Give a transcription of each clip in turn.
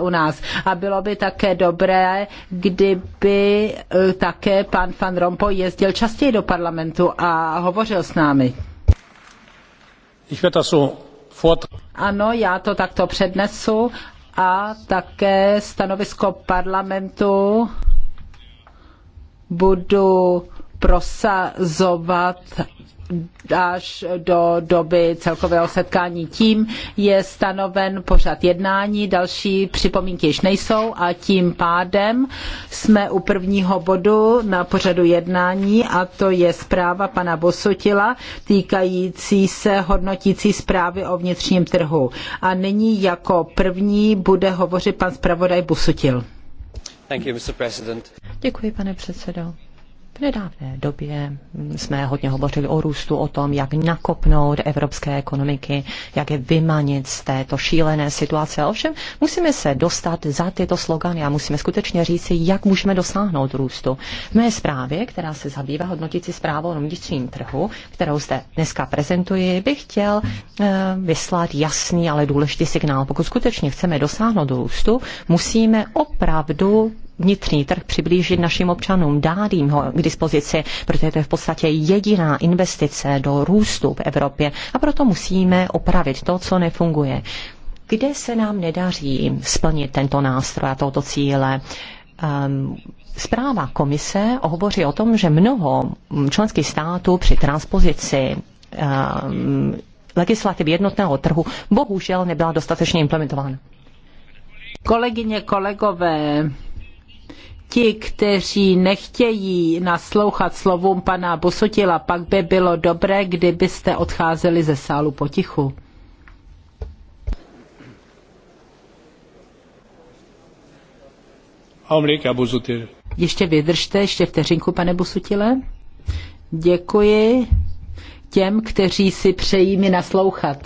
u nás. A bylo by také dobré, kdyby eh, také pan Van Rompuy jezdil častěji do parlamentu a hovořil s námi. Ano, já to takto přednesu a také stanovisko parlamentu budu prosazovat až do doby celkového setkání. Tím je stanoven pořad jednání, další připomínky již nejsou a tím pádem jsme u prvního bodu na pořadu jednání a to je zpráva pana Bosotila týkající se hodnotící zprávy o vnitřním trhu. A nyní jako první bude hovořit pan zpravodaj Bosotil. Děkuji, pane předsedo. V nedávné době jsme hodně hovořili o růstu, o tom, jak nakopnout evropské ekonomiky, jak je vymanit z této šílené situace. Ovšem, musíme se dostat za tyto slogany a musíme skutečně říci, jak můžeme dosáhnout růstu. V mé zprávě, která se zabývá hodnotící zprávou o vnitřním trhu, kterou zde dneska prezentuji, bych chtěl eh, vyslat jasný, ale důležitý signál. Pokud skutečně chceme dosáhnout růstu, musíme opravdu vnitřní trh přiblížit našim občanům, dát jim ho k dispozici, protože to je v podstatě jediná investice do růstu v Evropě a proto musíme opravit to, co nefunguje. Kde se nám nedaří splnit tento nástroj a tohoto cíle? Um, zpráva komise hovoří o tom, že mnoho členských států při transpozici um, legislativy jednotného trhu bohužel nebyla dostatečně implementována. Kolegyně, kolegové, ti, kteří nechtějí naslouchat slovům pana Busutila, pak by bylo dobré, kdybyste odcházeli ze sálu potichu. Ještě vydržte, ještě vteřinku, pane Bosutile. Děkuji těm, kteří si přejí mi naslouchat.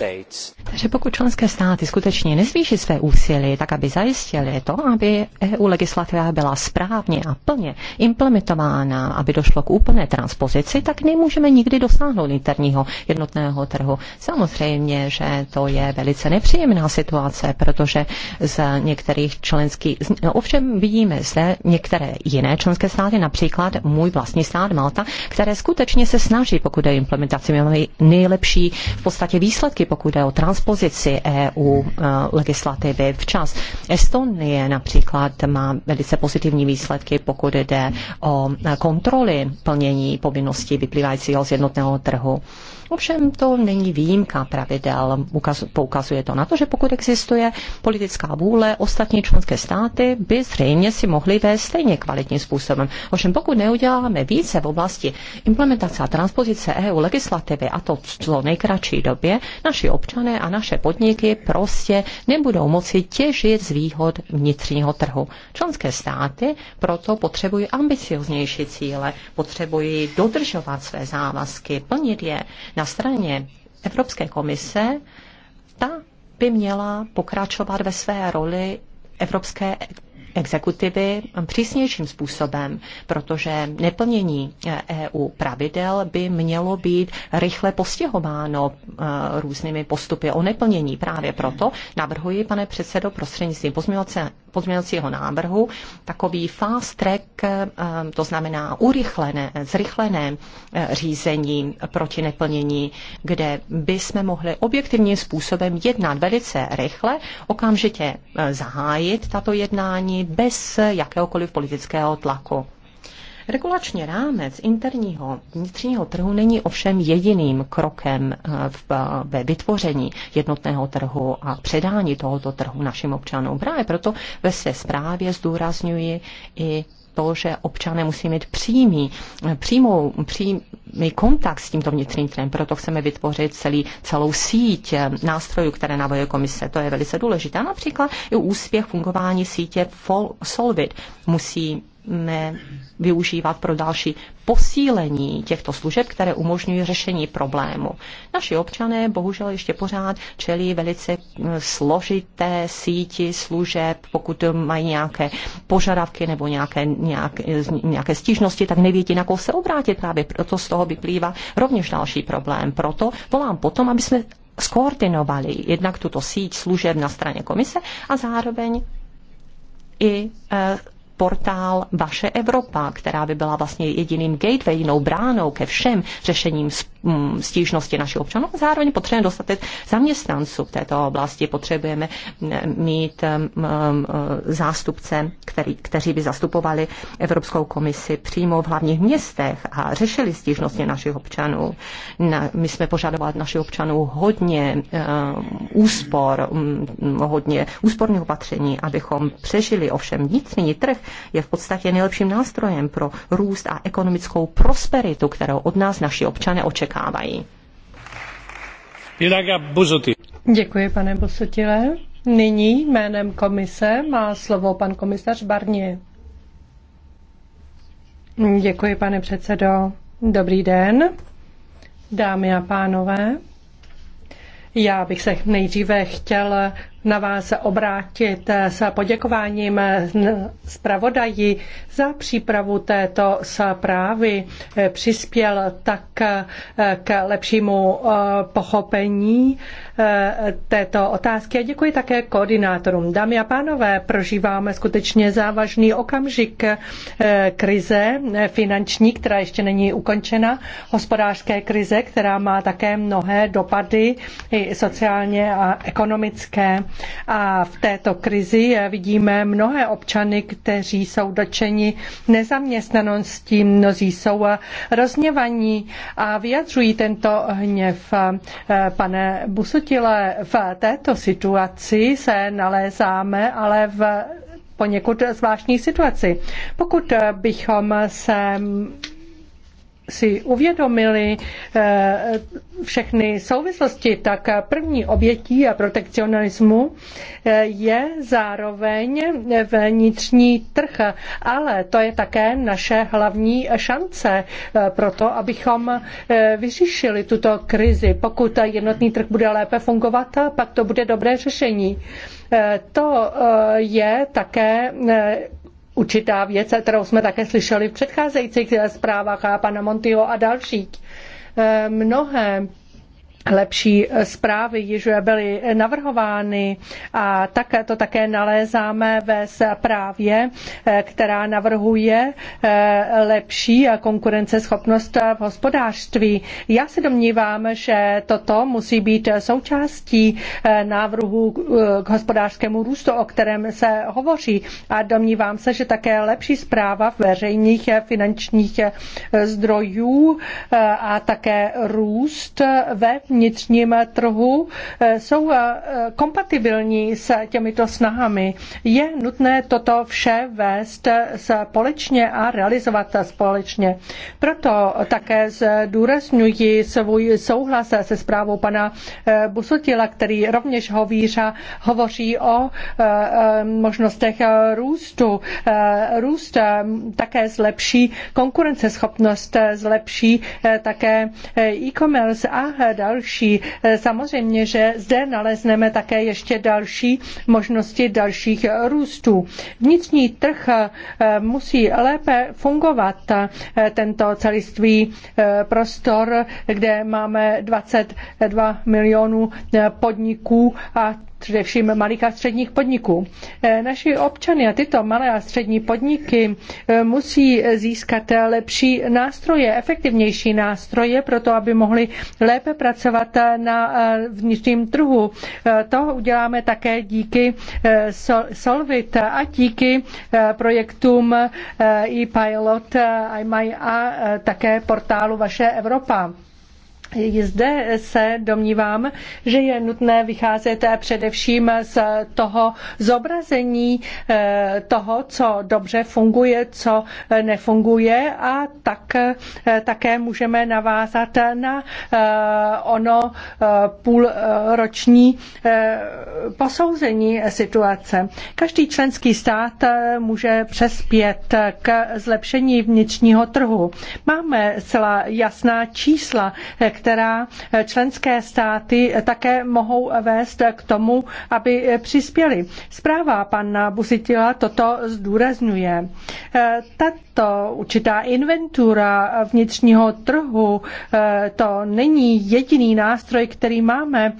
Takže pokud členské státy skutečně nezvýší své úsilí, tak aby zajistili to, aby EU legislativa byla správně a plně implementována, aby došlo k úplné transpozici, tak nemůžeme nikdy dosáhnout interního jednotného trhu. Samozřejmě, že to je velice nepříjemná situace, protože z některých členských, no ovšem vidíme zde některé jiné členské státy, například můj vlastní stát Malta, které skutečně se snaží, pokud je implementaci nejlepší v podstatě výsledky, pokud jde o transpozici EU eh, legislativy včas. Estonie například má velice pozitivní výsledky, pokud jde o eh, kontroly plnění povinností vyplývajícího z jednotného trhu. Ovšem to není výjimka pravidel, poukazuje to na to, že pokud existuje politická vůle, ostatní členské státy by zřejmě si mohly vést stejně kvalitním způsobem. Ovšem pokud neuděláme více v oblasti implementace a transpozice EU legislativy a to v co nejkratší době, naši občané a naše podniky prostě nebudou moci těžit z výhod vnitřního trhu. Členské státy proto potřebují ambicioznější cíle, potřebují dodržovat své závazky, plnit je na straně Evropské komise, ta by měla pokračovat ve své roli Evropské exekutivy přísnějším způsobem, protože neplnění EU eh, e pravidel by mělo být rychle postihováno eh, různými postupy o neplnění. Právě proto navrhuji, pane předsedo, prostřednictvím pozměňovacího návrhu takový fast track, eh, to znamená urychlené, zrychlené eh, řízení proti neplnění, kde by jsme mohli objektivním způsobem jednat velice rychle, okamžitě eh, zahájit tato jednání bez jakéhokoliv politického tlaku. Regulační rámec interního vnitřního trhu není ovšem jediným krokem eh, v, eh, ve vytvoření jednotného trhu a předání tohoto trhu našim občanům. Právě proto ve své zprávě zdůrazňuji i to, že občané musí mít přímý, eh, přímou, přímý kontakt s tímto vnitřním trhem. Proto chceme vytvořit celý, celou síť nástrojů, které navojuje komise. To je velice důležité. Například i úspěch fungování sítě Solvit musí využívat pro další posílení těchto služeb, které umožňují řešení problému. Naši občané bohužel ještě pořád čelí velice mm, složité síti služeb, pokud mají nějaké požadavky nebo nějaké, nějak, nějaké stížnosti, tak nevědí, na koho se obrátit. Právě proto z toho vyplývá rovněž další problém. Proto volám potom, aby jsme skoordinovali jednak tuto síť služeb na straně komise a zároveň i eh, portál Vaše Evropa, která by byla vlastně jediným gateway, jinou bránou ke všem řešením Mm, stížnosti našich občanů zároveň potřebujeme dostatek zaměstnanců v této oblasti. Potřebujeme mm, mít mm, zástupce, který, kteří by zastupovali Evropskou komisi přímo v hlavních městech a řešili stížnosti našich občanů. My jsme požadovali našich občanů hodně úspor, hodně úsporných opatření, abychom přežili. Ovšem vnitřní trh je v podstatě nejlepším nástrojem pro růst a ekonomickou prosperitu, kterou od nás naši občané očekávají očekávají. Děkuji, pane Bosotile. Nyní jménem komise má slovo pan komisař Barnier. Děkuji, pane předsedo. Dobrý den, dámy a pánové. Já bych se nejdříve chtěl na vás obrátit s poděkováním zpravodaji za přípravu této zprávy. Přispěl tak k lepšímu eh, pochopení eh, této otázky a děkuji také koordinátorům. Dámy a pánové, prožíváme skutečně závažný okamžik eh, krize finanční, která ještě není ukončena, hospodářské krize, která má také mnohé dopady i sociálně a ekonomické. A v této krizi vidíme mnohé občany, kteří jsou dočeni nezaměstnaností, mnozí jsou rozněvaní a vyjadřují tento hněv. Pane Busutile, v této situaci se nalézáme, ale v poněkud zvláštní situaci. Pokud bychom se si uvědomili eh, všechny souvislosti, tak první obětí a protekcionismu eh, je zároveň vnitřní trh, ale to je také naše hlavní šance eh, pro to, abychom vyřešili tuto krizi. Pokud jednotný trh bude lépe fungovat, pak to bude dobré řešení. To je také určitá věc, kterou jsme také slyšeli v předcházejících eh, zprávách a pana Montyho a dalších. Eh, mnohé lepší zprávy již byly navrhovány a tak to také nalézáme ve zprávě, eh, která navrhuje eh, lepší konkurenceschopnost v hospodářství. Já se domnívám, že toto musí být součástí eh, návrhu k hospodářskému růstu, o kterém se hovoří a domnívám se, že také lepší zpráva veřejných finančních zdrojů a také růst ve vnitř vnitřním trhu eh, jsou eh, kompatibilní s těmito snahami. Je nutné toto vše vést eh, společně a realizovat společně. Proto také zdůrazňuji svůj souhlas se zprávou pana Busutila, který rovněž hovířa, hovoří o možnostech růstu. Růst také zlepší konkurenceschopnost, zlepší také e-commerce a další další. Eh, samozřejmě, že zde nalezneme také ještě další možnosti dalších růstů. Vnitřní trh eh, musí lépe fungovat eh, tento celistvý prostor, kde máme 22 milionů podniků a především malých a středních podniků. Eh, naši občany a tyto malé a střední podniky eh, musí získat lepší nástroje, efektivnější nástroje pro to, aby mohli lépe pracovat eh, na vnitřním trhu. To uděláme také díky Solvit a díky projektům e-pilot a také portálu Vaše Evropa. Zde se domnívám, že je nutné vycházet především z toho zobrazení eh, toho, co dobře funguje, co nefunguje a tak eh, také můžeme navázat na eh, ono půlroční posouzení situace. Každý členský stát může přespět k zlepšení vnitřního trhu. Máme celá jasná čísla, některá členské státy také mohou vést k tomu, aby přispěli. Zpráva pana Busitila toto zdůrazňuje. Tato určitá inventura vnitřního trhu, to není jediný nástroj, který máme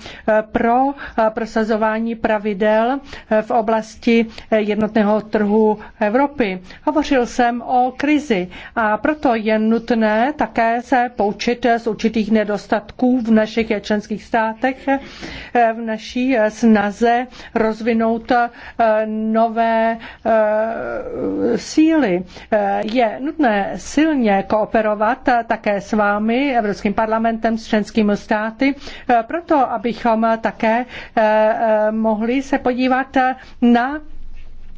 pro prosazování pravidel v oblasti jednotného trhu Evropy. Hovořil jsem o krizi a proto je nutné také se poučit z určitých nedostatků nedostatků v našich členských státech eh, v naší eh, snaze rozvinout eh, nové síly. Je nutné silně kooperovat také s vámi, Evropským parlamentem, s členskými státy, proto abychom také mohli se podívat na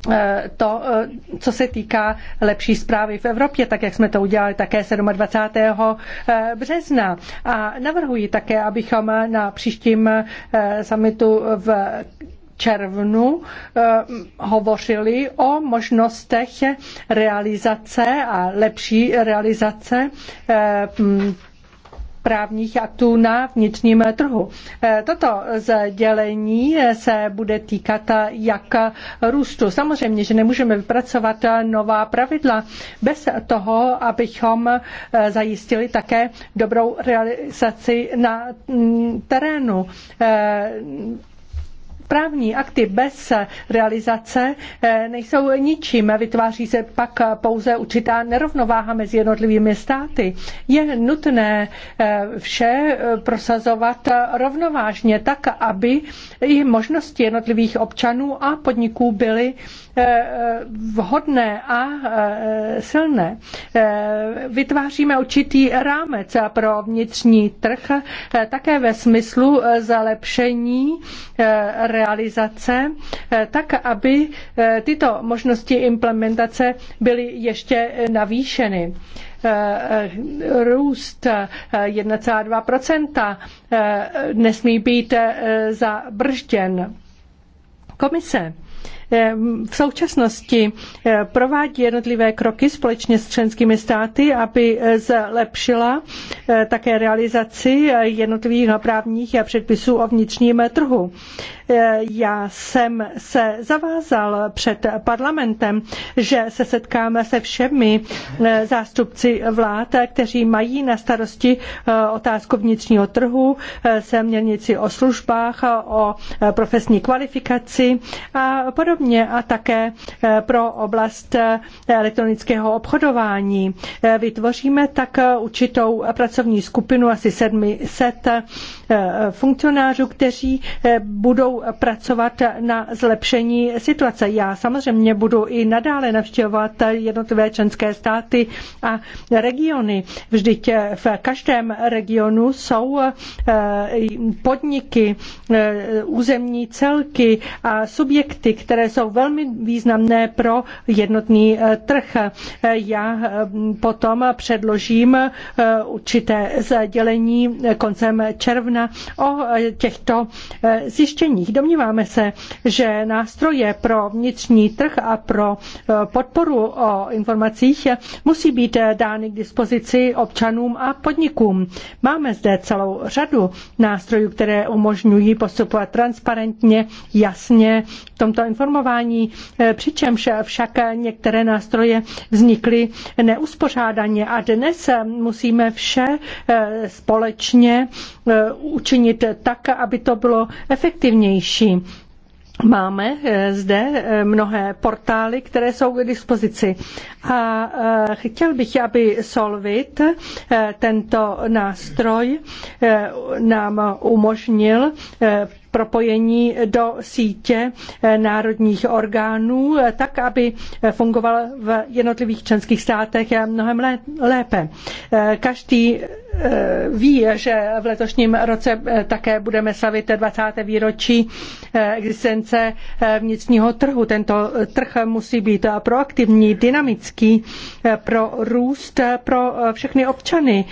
Eh, to, eh, co se týká lepší zprávy v Evropě, tak jak jsme to udělali také 27. Eh, března. A navrhuji také, abychom na příštím summitu v červnu hovořili o možnostech realizace a lepší realizace právních aktů na vnitřním trhu. E, toto sdělení se bude týkat e, jak růstu. Samozřejmě, že nemůžeme vypracovat e, nová pravidla bez toho, abychom zajistili také dobrou realizaci na terénu. Právní akty bez realizace eh, nejsou ničím, vytváří se pak pouze určitá nerovnováha mezi jednotlivými státy. Je nutné eh, vše eh, prosazovat rovnovážně tak, aby i možnosti jednotlivých občanů a podniků byly Eh, eh, vhodné a eh, silné. Vytváříme určitý rámec pro vnitřní trh, také ve smyslu zalepšení realizace, tak aby tyto možnosti implementace byly ještě navýšeny růst 1,2 nesmí být zabržděn. Komise Eh, v současnosti eh, provádí jednotlivé kroky společně s členskými státy, aby eh, zlepšila také realizaci jednotlivých právních předpisů o vnitřním trhu. Já jsem se zavázal před parlamentem, že se setkáme se všemi zástupci vlád, kteří mají na starosti otázku vnitřního trhu, směrnici o službách, o profesní kvalifikaci a podobně podobně a také eh, pro oblast eh, elektronického obchodování. Eh, vytvoříme tak určitou pracovní skupinu asi 700 funkcionářů, kteří budou pracovat na zlepšení situace. Já samozřejmě budu i nadále navštěvovat jednotlivé členské státy a regiony. Vždyť v každém regionu jsou podniky, územní celky a subjekty, které jsou velmi významné pro jednotný eh, trh. Eh, já eh, potom předložím určité sdělení koncem června o těchto zjištěních. Domníváme se, že nástroje pro vnitřní trh a pro podporu o informacích musí být dány k dispozici občanům a podnikům. Máme zde celou řadu nástrojů, které umožňují postupovat transparentně, jasně v tomto informování programování, eh, přičemž však některé nástroje vznikly neuspořádaně a dnes musíme vše eh, společně eh, učinit tak, aby to bylo efektivnější. Máme zde mnohé portály, které jsou k dispozici. A chtěl bych, aby Solvit, tento nástroj, nám umožnil propojení do sítě eh, národních orgánů, eh, tak, aby eh, fungoval v jednotlivých členských státech mnohem lépe. Každý ví, že v letošním roce také budeme slavit 20. výročí existence vnitřního trhu. Tento trh musí být proaktivní, dynamický pro růst pro všechny občany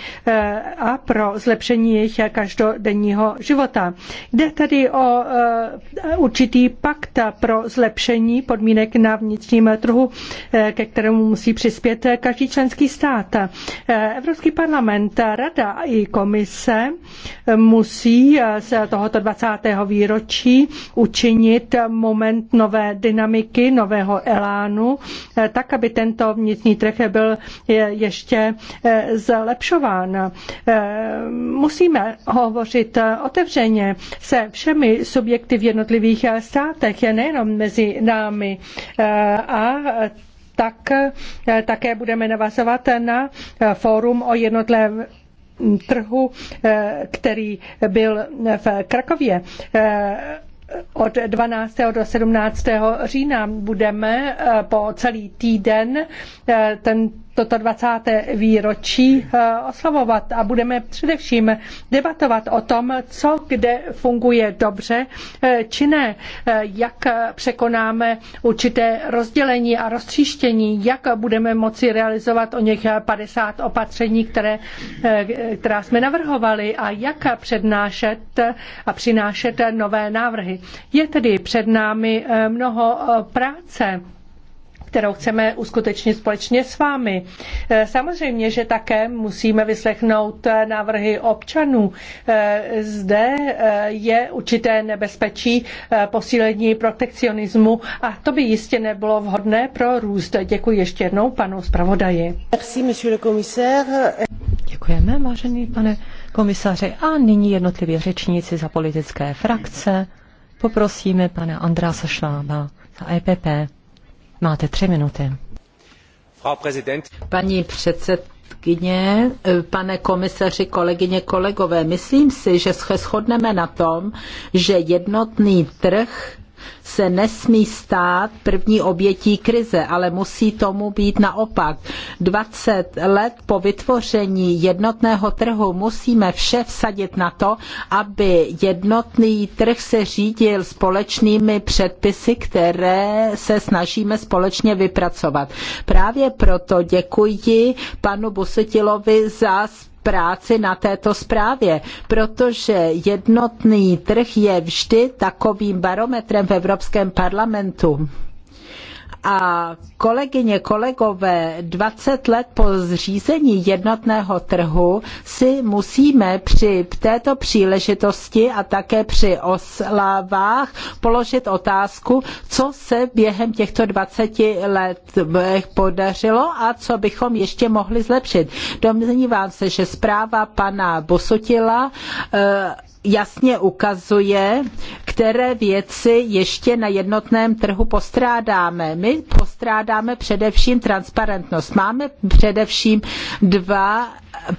a pro zlepšení jejich každodenního života. Jde tedy o eh, určitý pakt pro zlepšení podmínek na vnitřním trhu, eh, ke kterému musí přispět každý členský stát. Eh, Evropský parlament, rada i komise musí z tohoto 20. výročí učinit moment nové dynamiky, nového elánu, tak, aby tento vnitřní trh byl ještě zlepšován. Musíme hovořit otevřeně se všemi všemi subjekty v jednotlivých eh, státech, nejenom mezi námi. Eh, a tak eh, také budeme navazovat na fórum o jednotlivém trhu, který byl v Krakově od 12. do 17. října budeme po celý týden ten toto 20. výročí eh, oslavovat a budeme především debatovat o tom, co kde funguje dobře eh, či ne, eh, jak překonáme určité rozdělení a roztříštění, jak budeme moci realizovat o něch 50 opatření, které, která jsme navrhovali a jak přednášet a přinášet nové návrhy. Je tedy před námi mnoho práce kterou chceme uskutečnit společně s vámi. Eh, samozřejmě, že také musíme vyslechnout eh, návrhy občanů. Eh, zde je určité nebezpečí posílení protekcionismu a to by jistě nebylo vhodné pro růst. Děkuji ještě jednou panu zpravodaji. Děkujeme, vážený pane komisaři. A nyní jednotlivě řečníci za politické frakce. Poprosíme pana Andrása Šlába za EPP. Máte tři minuty. Paní předsedkyně, eh, pane komisaři, kolegyně, kolegové, myslím si, že se shodneme na tom, že jednotný trh se nesmí stát první obětí krize, ale musí tomu být naopak. 20 let po vytvoření jednotného trhu musíme vše vsadit na to, aby jednotný trh se řídil společnými předpisy, které se snažíme společně vypracovat. Právě proto děkuji panu Busetilovi za práci na této zprávě, protože jednotný trh je vždy takovým barometrem v Evropském parlamentu. A kolegyně, kolegové, 20 let po zřízení jednotného trhu si musíme při této příležitosti a také při oslavách položit otázku, co se během těchto 20 let podařilo a co bychom ještě mohli zlepšit. Domnívám se, že zpráva pana Bosotila eh, jasně ukazuje, které věci ještě na jednotném trhu postrádáme. My postrádáme především transparentnost. Máme především dva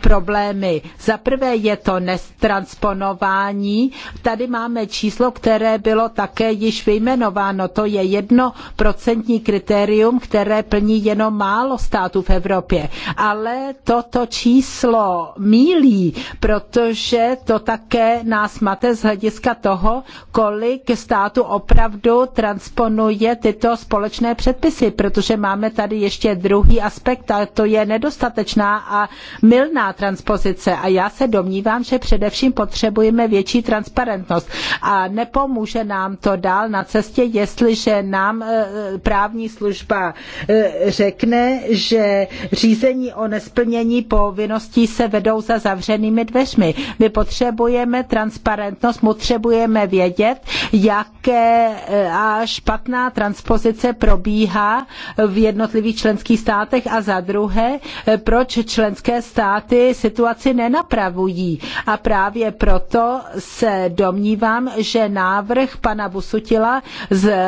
problémy. Za prvé je to nestransponování. Tady máme číslo, které bylo také již vyjmenováno. To je jedno procentní kritérium, které plní jenom málo států v Evropě. Ale toto číslo mílí, protože to také nás mate z hlediska toho, kolik států opravdu transponuje tyto společné předpisy, protože máme tady ještě druhý aspekt a to je nedostatečná a milná silná transpozice a já se domnívám, že především potřebujeme větší transparentnost a nepomůže nám to dál na cestě, jestliže nám e, právní služba e, řekne, že řízení o nesplnění povinností se vedou za zavřenými dveřmi. My potřebujeme transparentnost, potřebujeme vědět, jaké e, a špatná transpozice probíhá v jednotlivých členských státech a za druhé, proč členské státy státy situaci nenapravují. A právě proto se domnívám, že návrh pana Busutila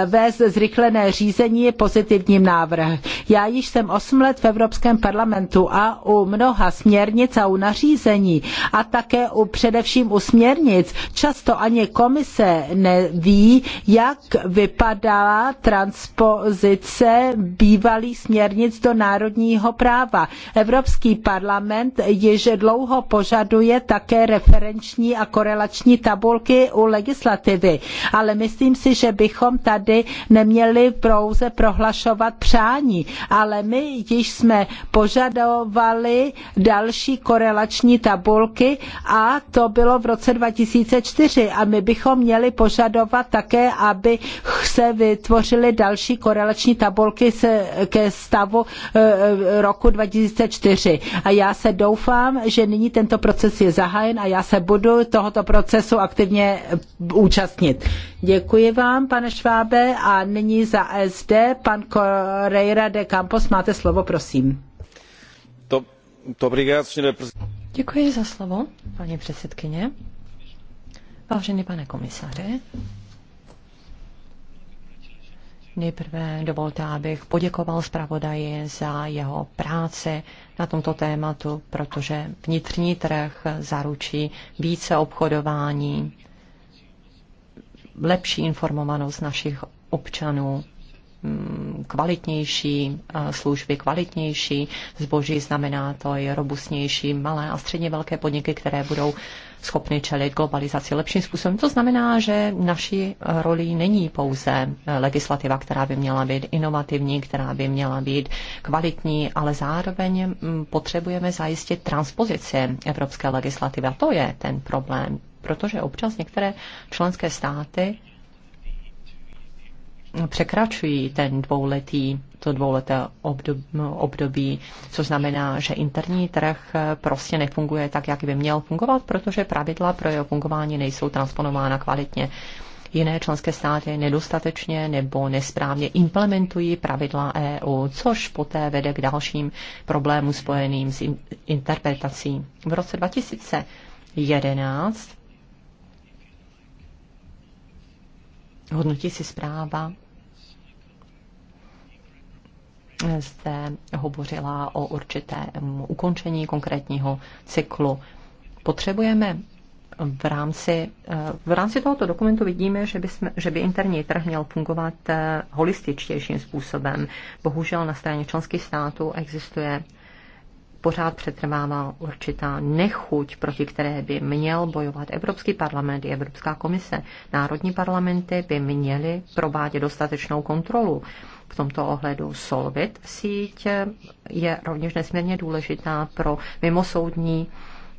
vést zrychlené řízení je pozitivním návrhem. Já již jsem 8 let v Evropském parlamentu a u mnoha směrnic a u nařízení a také u především u směrnic často ani komise neví, jak vypadá transpozice bývalých směrnic do národního práva. Evropský parlament již dlouho požaduje také referenční a korelační tabulky u legislativy, ale myslím si, že bychom tady neměli pouze prohlašovat přání, ale my již jsme požadovali další korelační tabulky a to bylo v roce 2004 a my bychom měli požadovat také, aby se vytvořily další korelační tabulky ke stavu eh, eh, roku 2004. A já se doufám, že nyní tento proces je zahájen a já se budu tohoto procesu aktivně účastnit. Děkuji vám, pane Švábe, a nyní za SD pan Correira de Campos. Máte slovo, prosím. Děkuji za slovo, paní předsedkyně. Vážený pane komisaři, Nejprve dovolte, abych poděkoval zpravodaji za jeho práci na tomto tématu, protože vnitřní trh zaručí více obchodování, lepší informovanost našich občanů, mm, kvalitnější eh, služby, kvalitnější zboží, znamená to i robustnější malé a středně velké podniky, které budou schopny čelit globalizaci lepším způsobem. To znamená, že naší roli není pouze legislativa, která by měla být inovativní, která by měla být kvalitní, ale zároveň mm, potřebujeme zajistit transpozici evropské legislativy. A to je ten problém, protože občas některé členské státy překračují ten dvouletý, to dvouleté období, co znamená, že interní trh prostě nefunguje tak, jak by měl fungovat, protože pravidla pro jeho fungování nejsou transponována kvalitně. Jiné členské státy nedostatečně nebo nesprávně implementují pravidla EU, což poté vede k dalším problémům spojeným s interpretací. V roce 2011 hodnotí si zpráva zde hovořila o určitém ukončení konkrétního cyklu. Potřebujeme v rámci, eh, v rámci tohoto dokumentu vidíme, že by, jsme, že by interní trh měl fungovat eh, holističtějším způsobem. Bohužel na straně členských států existuje pořád přetrvává určitá nechuť, proti které by měl bojovat Evropský parlament i Evropská komise. Národní parlamenty by měly provádět dostatečnou kontrolu. V tomto ohledu Solvit síť je rovněž nesmírně důležitá pro mimosoudní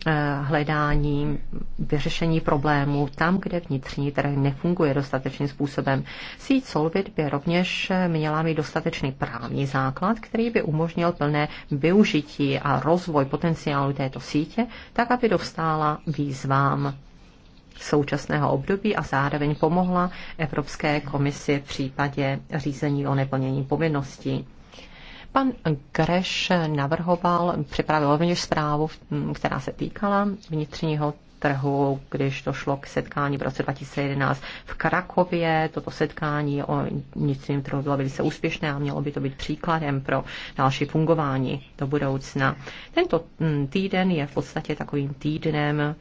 Eh, hledání vyřešení problémů tam, kde vnitřní trh nefunguje dostatečným způsobem. Síť Solvit by rovněž eh, měla mít dostatečný právní základ, který by umožnil plné využití a rozvoj potenciálu této sítě, tak aby dostála výzvám současného období a zároveň pomohla Evropské komisi v případě řízení o neplnění povinností. Pan Greš navrhoval, připravil rovněž zprávu, mm, která se týkala vnitřního trhu, když došlo k setkání v roce 2011 v Krakově. Toto setkání o vnitřním trhu bylo velice úspěšné a mělo by to být příkladem pro další fungování do budoucna. Tento mm, týden je v podstatě takovým týdnem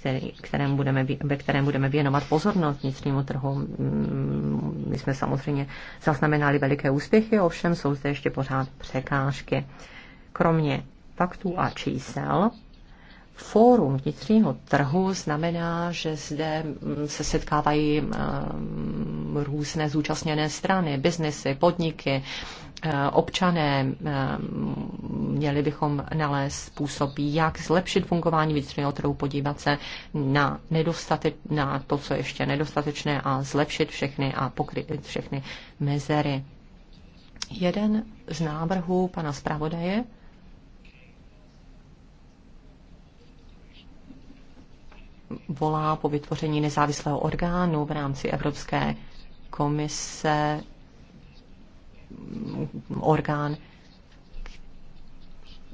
který, kterém budeme, ve kterém budeme věnovat pozornost vnitřnímu trhu. Mm, my jsme samozřejmě zaznamenali veliké úspěchy, ovšem jsou zde ještě pořád překážky. Kromě faktů a čísel, Fórum vnitřního trhu znamená, že zde mm, se setkávají mm, různé zúčastněné strany, biznesy, podniky, Eh, občané, eh, měli bychom nalézt způsob, jak zlepšit fungování vnitřního trhu, podívat se na, nedostatek, na to, co ještě nedostatečné a zlepšit všechny a pokryt všechny mezery. Jeden z návrhů pana zpravodaje volá po vytvoření nezávislého orgánu v rámci Evropské komise orgán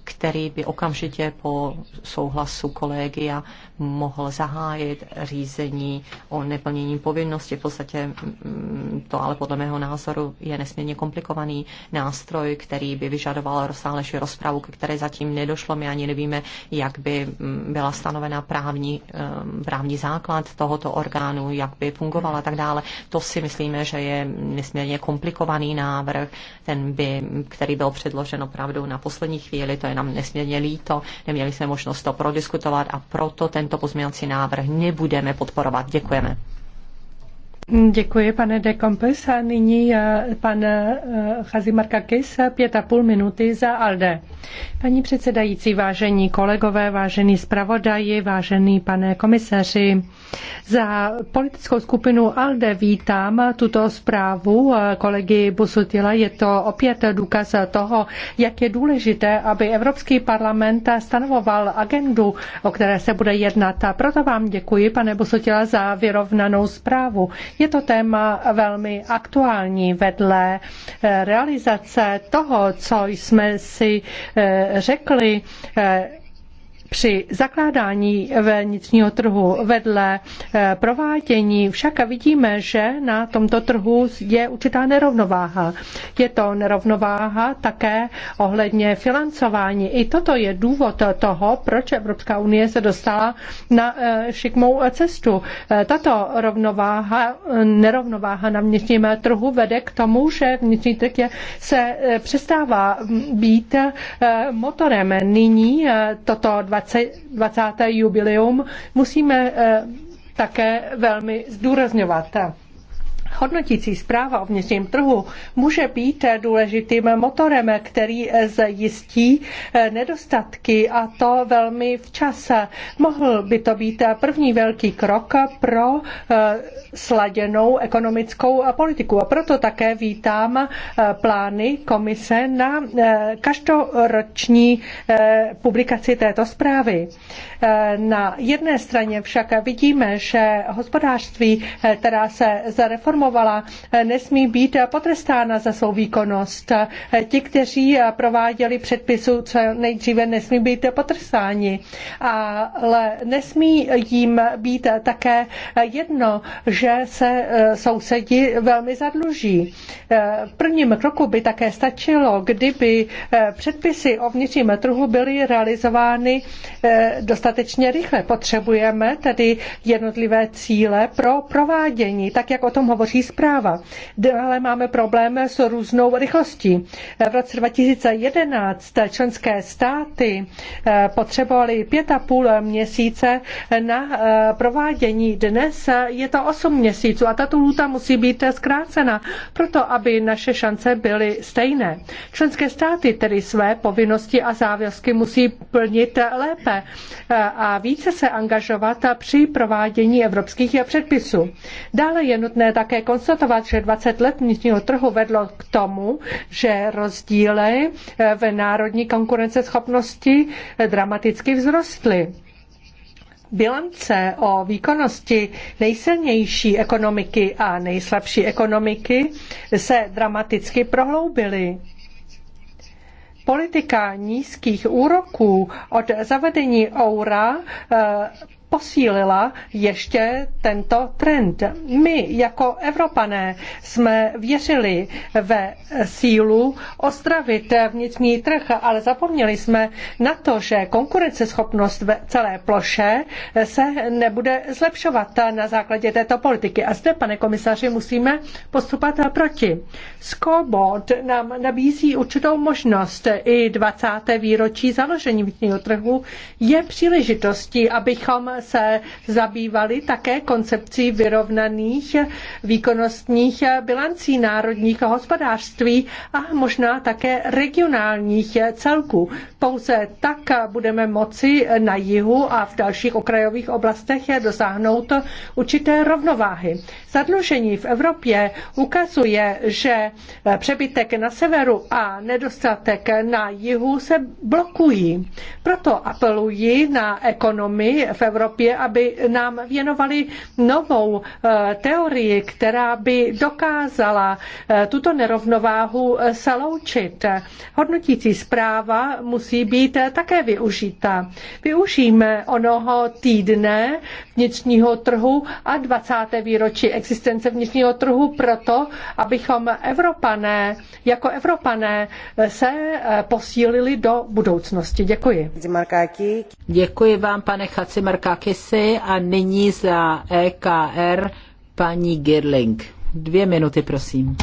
který by okamžitě po souhlasu kolegia mohl zahájit řízení o neplnění povinnosti. V podstatě mm, to ale podle mého názoru je nesmírně komplikovaný nástroj, který by vyžadoval rozsáhlejší rozpravu, ke které zatím nedošlo. My ani nevíme, jak by mm, byla stanovena právní, mm, právní základ tohoto orgánu, jak by fungovala a tak dále. To si myslíme, že je nesmírně komplikovaný návrh, ten by, který byl předložen opravdu na poslední chvíli, to je nám nesmírně líto, neměli jsme možnost to prodiskutovat a proto tento pozměňovací návrh nebudeme podporovat. Děkujeme. Děkuji, pane de Kompes. A nyní eh, pan eh, Chazimarka Kis, pět a půl minuty za ALDE. Paní předsedající, vážení kolegové, vážení zpravodaji, vážený pane komisaři, za politickou skupinu ALDE vítám tuto zprávu kolegy Busutila. Je to opět důkaz toho, jak je důležité, aby Evropský parlament stanovoval agendu, o které se bude jednat. A proto vám děkuji, pane Busutila, za vyrovnanou zprávu. Je to téma velmi aktuální vedle realizace toho, co jsme si Eh, řekli, eh, při zakládání vnitřního trhu vedle eh, provádění však vidíme, že na tomto trhu je určitá nerovnováha. Je to nerovnováha také ohledně financování. I toto je důvod toho, proč Evropská unie se dostala na eh, šikmou cestu. Eh, tato rovnováha, nerovnováha na vnitřním trhu vede k tomu, že vnitřní trh je, se přestává být motorem. Nyní toto dva. 20. 20. jubileum musíme eh, také velmi zdůrazňovat. Hodnotící zpráva o vnitřním trhu může být důležitým motorem, který zjistí eh, nedostatky a to velmi včas. Mohl by to být první velký krok pro eh, sladěnou ekonomickou politiku. A proto také vítám eh, plány komise na každoroční publikaci této zprávy. Na jedné straně však vidíme, že hospodářství, která se zareformovala, informovala, eh, nesmí být potrestána za svou výkonnost. Eh, ti, kteří eh, prováděli předpisu, co nejdříve nesmí být potrestáni, ale nesmí jim být také jedno, že se sousedi velmi zadluží. V prvním kroku by také stačilo, kdyby předpisy o vnitřním trhu byly realizovány dostatečně rychle. Potřebujeme tedy jednotlivé cíle pro provádění, tak jak o tom hovoří finanční zpráva. Dále máme problém s různou rychlostí. V roce 2011 členské státy eh, potřebovaly pět a půl měsíce na eh, provádění. Dnes je to osm měsíců a tato lhůta musí být zkrácena, proto aby naše šance byly stejné. Členské státy tedy své povinnosti a závazky musí plnit lépe eh, a více se angažovat při provádění evropských předpisů. Dále je nutné také konstatovat, že 20 let vnitřního trhu vedlo k tomu, že rozdíly eh, v národní konkurenceschopnosti eh, dramaticky vzrostly. Bilance o výkonnosti nejsilnější ekonomiky a nejslabší ekonomiky se dramaticky prohloubily. Politika nízkých úroků od zavedení eura eh, posílila ještě tento trend. My jako Evropané jsme věřili ve sílu ostravit vnitřní trh, ale zapomněli jsme na to, že konkurenceschopnost ve celé ploše se nebude zlepšovat na základě této politiky. A zde, pane komisaři, musíme postupovat proti. Scoreboard nám nabízí určitou možnost. I 20. výročí založení vnitřního trhu je příležitostí, abychom se zabývali také koncepcí vyrovnaných výkonnostních bilancí národních hospodářství a možná také regionálních celků. Pouze tak budeme moci na jihu a v dalších okrajových oblastech dosáhnout určité rovnováhy. Zadlužení v Evropě ukazuje, že přebytek na severu a nedostatek na jihu se blokují. Proto apeluji na ekonomii v Evropě, Evropě, aby nám věnovali novou eh, teorii, která by dokázala eh, tuto nerovnováhu eh, loučit. Hodnotící zpráva musí být také využita. Využijeme onoho týdne vnitřního trhu a 20. výročí existence vnitřního trhu proto, abychom Evropané, jako Evropané se posílili do budoucnosti. Děkuji. Děkuji vám, pane Chacimarka. Papakisy a nyní za EKR paní Girling. Dvě minuty, prosím.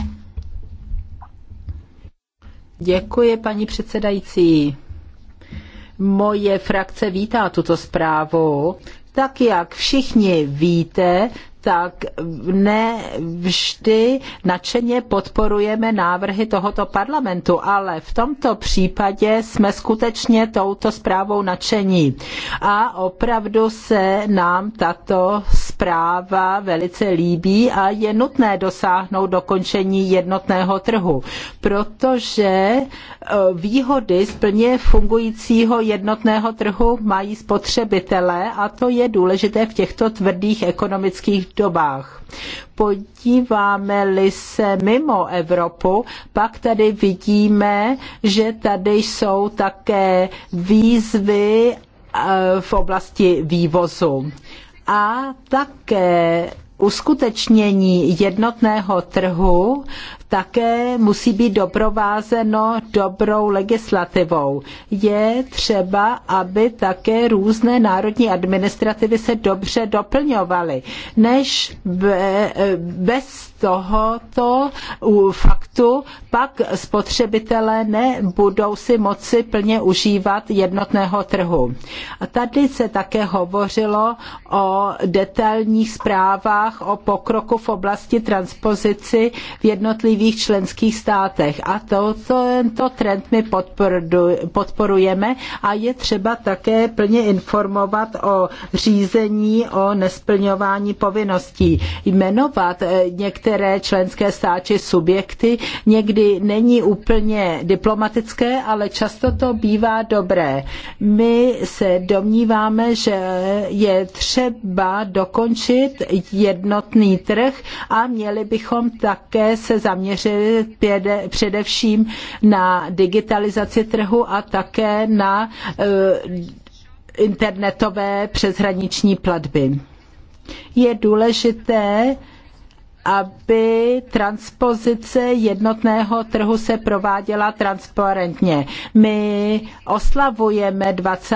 Děkuji, paní předsedající. Moje frakce vítá tuto zprávu. Tak jak všichni víte, tak ne vždy nadšeně podporujeme návrhy tohoto parlamentu, ale v tomto případě jsme skutečně touto zprávou nadšení. A opravdu se nám tato zpráva velice líbí a je nutné dosáhnout dokončení jednotného trhu, protože e, výhody splně fungujícího jednotného trhu mají spotřebitelé a to je důležité v těchto tvrdých ekonomických dobách. Podíváme-li se mimo Evropu, pak tady vidíme, že tady jsou také výzvy e, v oblasti vývozu a také uskutečnění jednotného trhu také musí být doprovázeno dobrou legislativou. Je třeba, aby také různé národní administrativy se dobře doplňovaly, než bez tohoto faktu pak spotřebitelé nebudou si moci plně užívat jednotného trhu. A tady se také hovořilo o detailních zprávách o pokroku v oblasti transpozici v jednotlivých jednotlivých členských státech. A to, to, to trend my podporujeme a je třeba také plně informovat o řízení, o nesplňování povinností. Jmenovat eh, některé členské státy subjekty někdy není úplně diplomatické, ale často to bývá dobré. My se domníváme, že je třeba dokončit jednotný trh a měli bychom také se zaměřit zaměřili především na digitalizaci trhu a také na e, internetové přeshraniční platby. Je důležité, aby transpozice jednotného trhu se prováděla transparentně. My oslavujeme 20.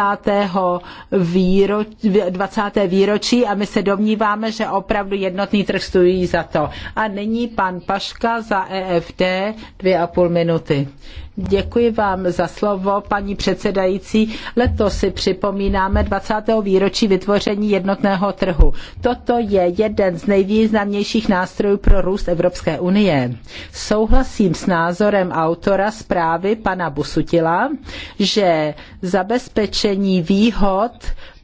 Výročí, 20. výročí a my se domníváme, že opravdu jednotný trh stojí za to. A nyní pan Paška za EFD dvě a půl minuty. Děkuji vám za slovo, paní předsedající. Letos si připomínáme 20. výročí vytvoření jednotného trhu. Toto je jeden z nejvýznamnějších nástrojů pro růst Evropské unie. Souhlasím s názorem autora zprávy pana Busutila, že zabezpečení výhod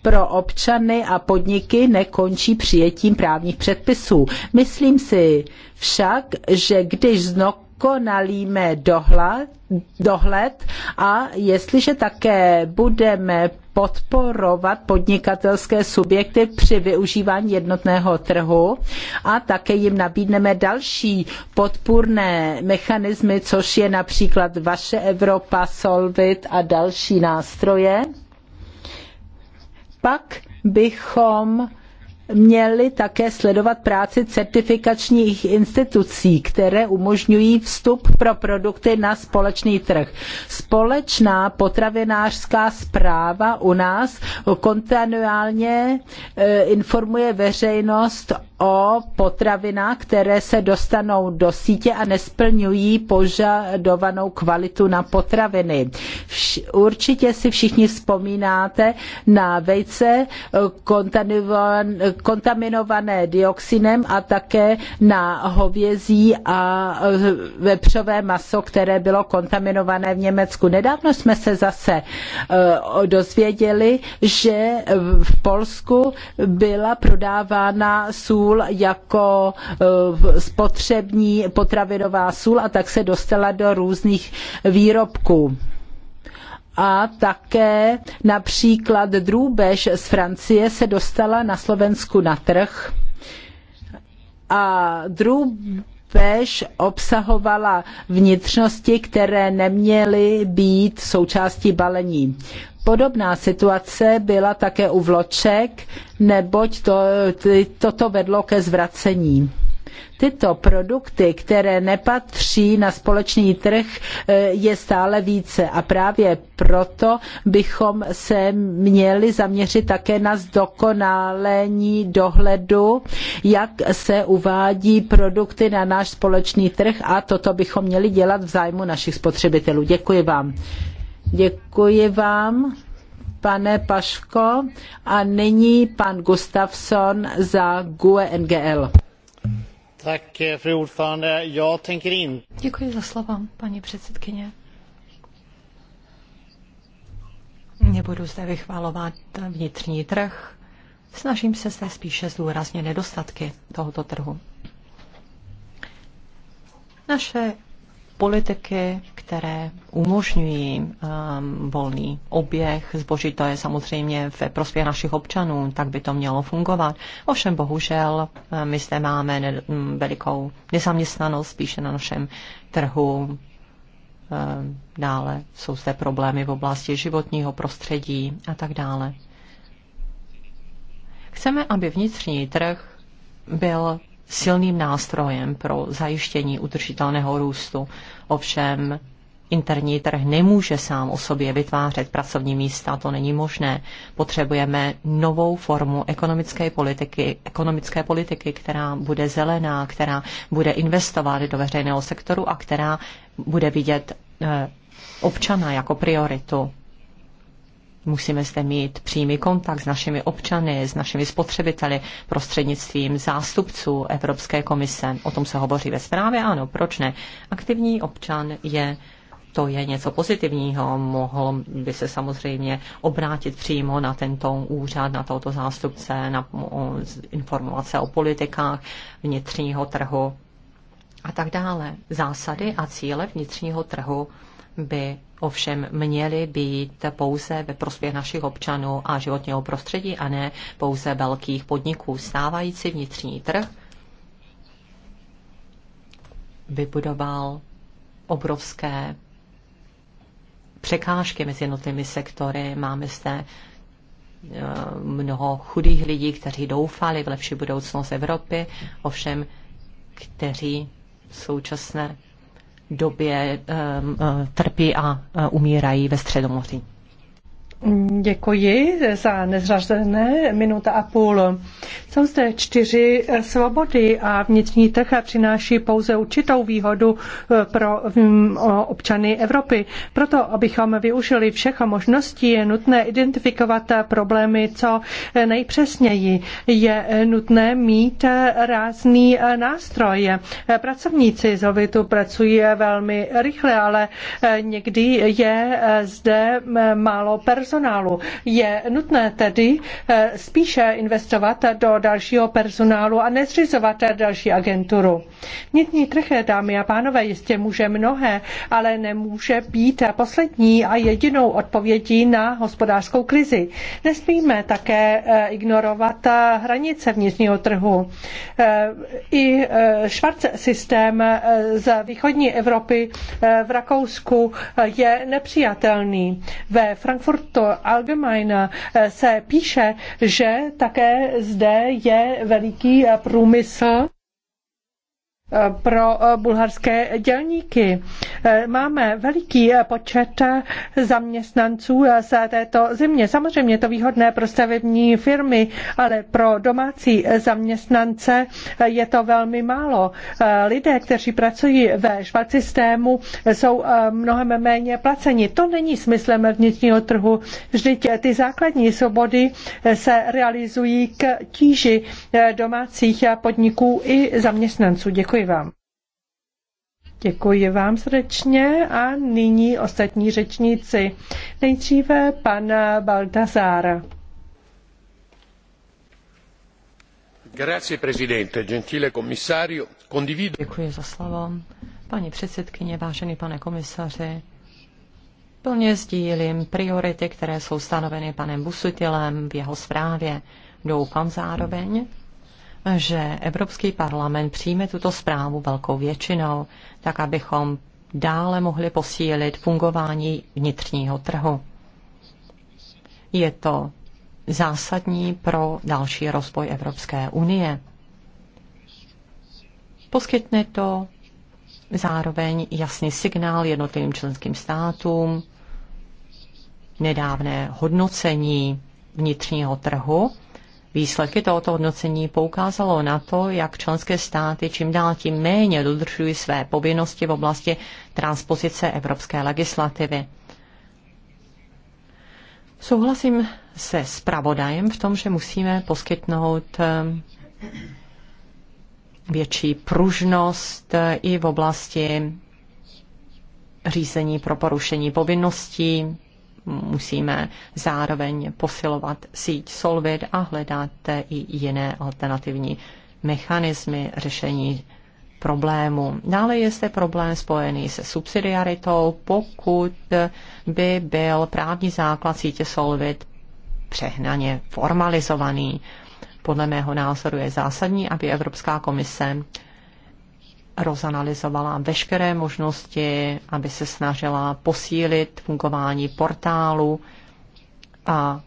pro občany a podniky nekončí přijetím právních předpisů. Myslím si však, že když znovu dokonalíme dohled, dohled a jestliže také budeme podporovat podnikatelské subjekty při využívání jednotného trhu a také jim nabídneme další podpůrné mechanismy, což je například Vaše Evropa, Solvit a další nástroje, pak bychom měli také sledovat práci certifikačních institucí, které umožňují vstup pro produkty na společný trh. Společná potravinářská správa u nás kontinuálně eh, informuje veřejnost o potravinách, které se dostanou do sítě a nesplňují požadovanou kvalitu na potraviny. Určitě si všichni vzpomínáte na vejce kontaminované dioxinem a také na hovězí a vepřové maso, které bylo kontaminované v Německu. Nedávno jsme se zase eh, dozvěděli, že v Polsku byla prodávána sůl sůl jako eh, spotřební potravinová sůl a tak se dostala do různých výrobků a také například drůbež z Francie se dostala na Slovensku na trh a drůbež obsahovala vnitřnosti, které neměly být součástí balení. Podobná situace byla také u vloček, neboť to, toto vedlo ke zvracení. Tyto produkty, které nepatří na společný trh, eh, je stále více a právě proto bychom se měli zaměřit také na zdokonalení dohledu, jak se uvádí produkty na náš společný trh a toto bychom měli dělat v zájmu našich spotřebitelů. Děkuji vám. Děkuji vám, pane Paško. A nyní pan Gustafsson za GUE NGL. Tak, fru ordförande, já tänker Děkuji za slova, paní předsedkyně. Nebudu zde vychvalovat vnitřní trh. Snažím se zde spíše zdůraznit nedostatky tohoto trhu. Naše politiky, které umožňují um, volný oběh zboží. To je samozřejmě ve prospěch našich občanů, tak by to mělo fungovat. Ovšem bohužel um, my zde máme ne- um, velikou nezaměstnanost spíše na našem trhu. Um, dále jsou zde problémy v oblasti životního prostředí a tak dále. Chceme, aby vnitřní trh byl silným nástrojem pro zajištění udržitelného růstu. Ovšem interní trh nemůže sám o sobě vytvářet pracovní místa, to není možné. Potřebujeme novou formu ekonomické politiky, ekonomické politiky, která bude zelená, která bude investovat do veřejného sektoru a která bude vidět eh, občana jako prioritu. Musíme zde mít přímý kontakt s našimi občany, s našimi spotřebiteli prostřednictvím zástupců Evropské komise. O tom se hovoří ve zprávě, ano, proč ne? Aktivní občan je to je něco pozitivního. Mohl by se samozřejmě obrátit přímo na tento úřad, na tohoto zástupce, na informovat se o politikách vnitřního trhu a tak dále. Zásady a cíle vnitřního trhu by ovšem měly být pouze ve prospěch našich občanů a životního prostředí a ne pouze velkých podniků. Stávající vnitřní trh vybudoval obrovské překážky mezi jednotlivými sektory. Máme zde eh, mnoho chudých lidí, kteří doufali v lepší budoucnost Evropy, ovšem kteří v současné době eh, eh, trpí a eh, umírají ve Středomoří. Děkuji za nezřazené minuta a půl. Jsou zde čtyři svobody a vnitřní trh přináší pouze určitou výhodu eh, pro mm, občany Evropy. Proto, abychom využili všech možností, je nutné identifikovat problémy co nejpřesněji. Je nutné mít rázný nástroj. Pracovníci z OVITu pracují velmi rychle, ale eh, někdy je eh, zde málo personálu personálu. Je nutné tedy eh, spíše investovat do dalšího personálu a nezřizovat další agenturu. Vnitřní trh, dámy a pánové, jistě může mnohé, ale nemůže být poslední a jedinou odpovědí na hospodářskou krizi. Nesmíme také eh, ignorovat hranice vnitřního trhu. Eh, I švarc systém z východní Evropy v Rakousku je nepřijatelný. Ve Frankfurtu Frankfurt Allgemeine eh, se píše, že také zde je veliký eh, průmysl pro eh, bulharské dělníky. Eh, máme veliký eh, počet zaměstnanců z této země. Samozřejmě je to výhodné pro stavební firmy, ale pro domácí zaměstnance je to velmi málo. Lidé, kteří pracují ve systému, jsou mnohem méně placeni. To není smyslem vnitřního trhu. Vždyť ty základní svobody se realizují k tíži domácích podniků i zaměstnanců. Děkuji. Děkuji vám. Děkuji vám srdečně a nyní ostatní řečníci. Nejdříve pan Baltazára. Grazie, presidente, gentile commissario, condivido... Děkuji za slovo. Paní předsedkyně, vážený pane komisaři, plně sdílím priority, které jsou stanoveny panem Busutilem v jeho zprávě. Doufám zároveň, že Evropský parlament přijme tuto zprávu velkou většinou, tak abychom dále mohli posílit fungování vnitřního trhu. Je to zásadní pro další rozvoj Evropské unie. Poskytne to zároveň jasný signál jednotlivým členským státům, nedávné hodnocení vnitřního trhu Výsledky tohoto hodnocení poukázalo na to, jak členské státy čím dál tím méně dodržují své povinnosti v oblasti transpozice evropské legislativy. Souhlasím se zpravodajem v tom, že musíme poskytnout ehm, větší pružnost eh, i v oblasti řízení pro porušení povinností musíme zároveň posilovat síť Solvit a hledat i jiné alternativní mechanismy řešení problému. Dále je zde problém spojený se subsidiaritou, pokud by byl právní základ sítě Solvit přehnaně formalizovaný. Podle mého názoru je zásadní, aby Evropská komise rozanalizovala veškeré možnosti, aby se snažila posílit fungování portálu a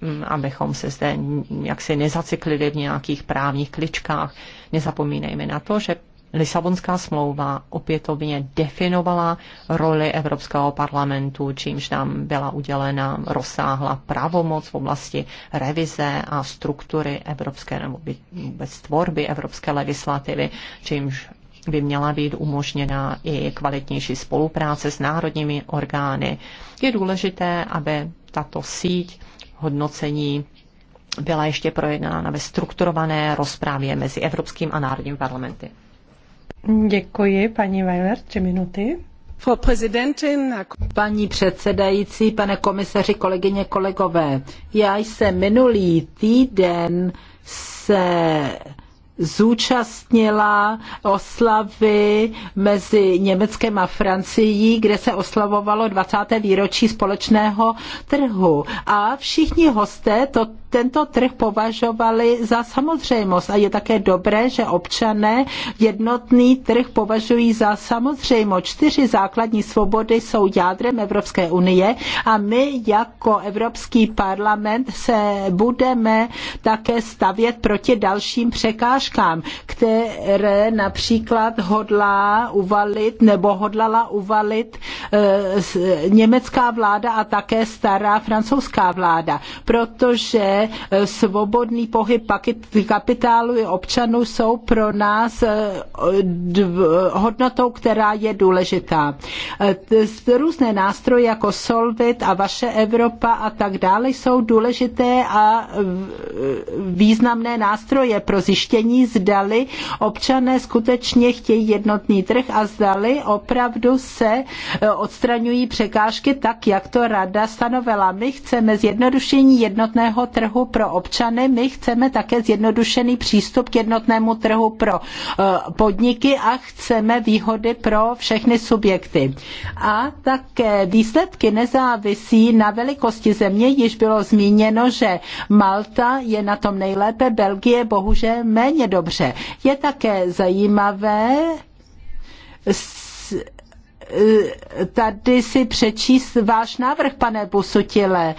mm, abychom se zde jaksi nezaciklili v nějakých právních kličkách. Nezapomínejme na to, že Lisabonská smlouva opětovně definovala roli Evropského parlamentu, čímž nám byla udělena rozsáhla pravomoc v oblasti revize a struktury evropské nebo vůbec tvorby evropské legislativy, čímž by měla být umožněna i kvalitnější spolupráce s národními orgány. Je důležité, aby tato síť hodnocení byla ještě projednána ve strukturované rozprávě mezi Evropským a národním parlamenty. Děkuji, paní Weiler, tři minuty. Paní předsedající, pane komisaři, kolegyně, kolegové, já jsem minulý týden se zúčastnila oslavy mezi Německem a Francií, kde se oslavovalo 20. výročí společného trhu. A všichni hosté to tento trh považovali za samozřejmost. A je také dobré, že občané jednotný trh považují za samozřejmost. Čtyři základní svobody jsou jádrem Evropské unie a my jako Evropský parlament se budeme také stavět proti dalším překážkám, které například hodlá uvalit nebo hodlala uvalit e, německá vláda a také stará francouzská vláda, protože svobodný pohyb kapitálu i občanů jsou pro nás eh, hodnotou, která je důležitá. Eh, různé nástroje jako Solvit a vaše Evropa a tak dále jsou důležité a významné nástroje pro zjištění, zdali občané skutečně chtějí jednotný trh a zdali opravdu se eh, odstraňují překážky tak, jak to rada stanovila. My chceme zjednodušení jednotného trhu trhu pro občany, my chceme také zjednodušený přístup k jednotnému trhu pro eh, podniky a chceme výhody pro všechny subjekty. A také výsledky nezávisí na velikosti země, již bylo zmíněno, že Malta je na tom nejlépe, Belgie bohužel méně dobře. Je také zajímavé Eh, tady si přečíst váš návrh, pane Busutile.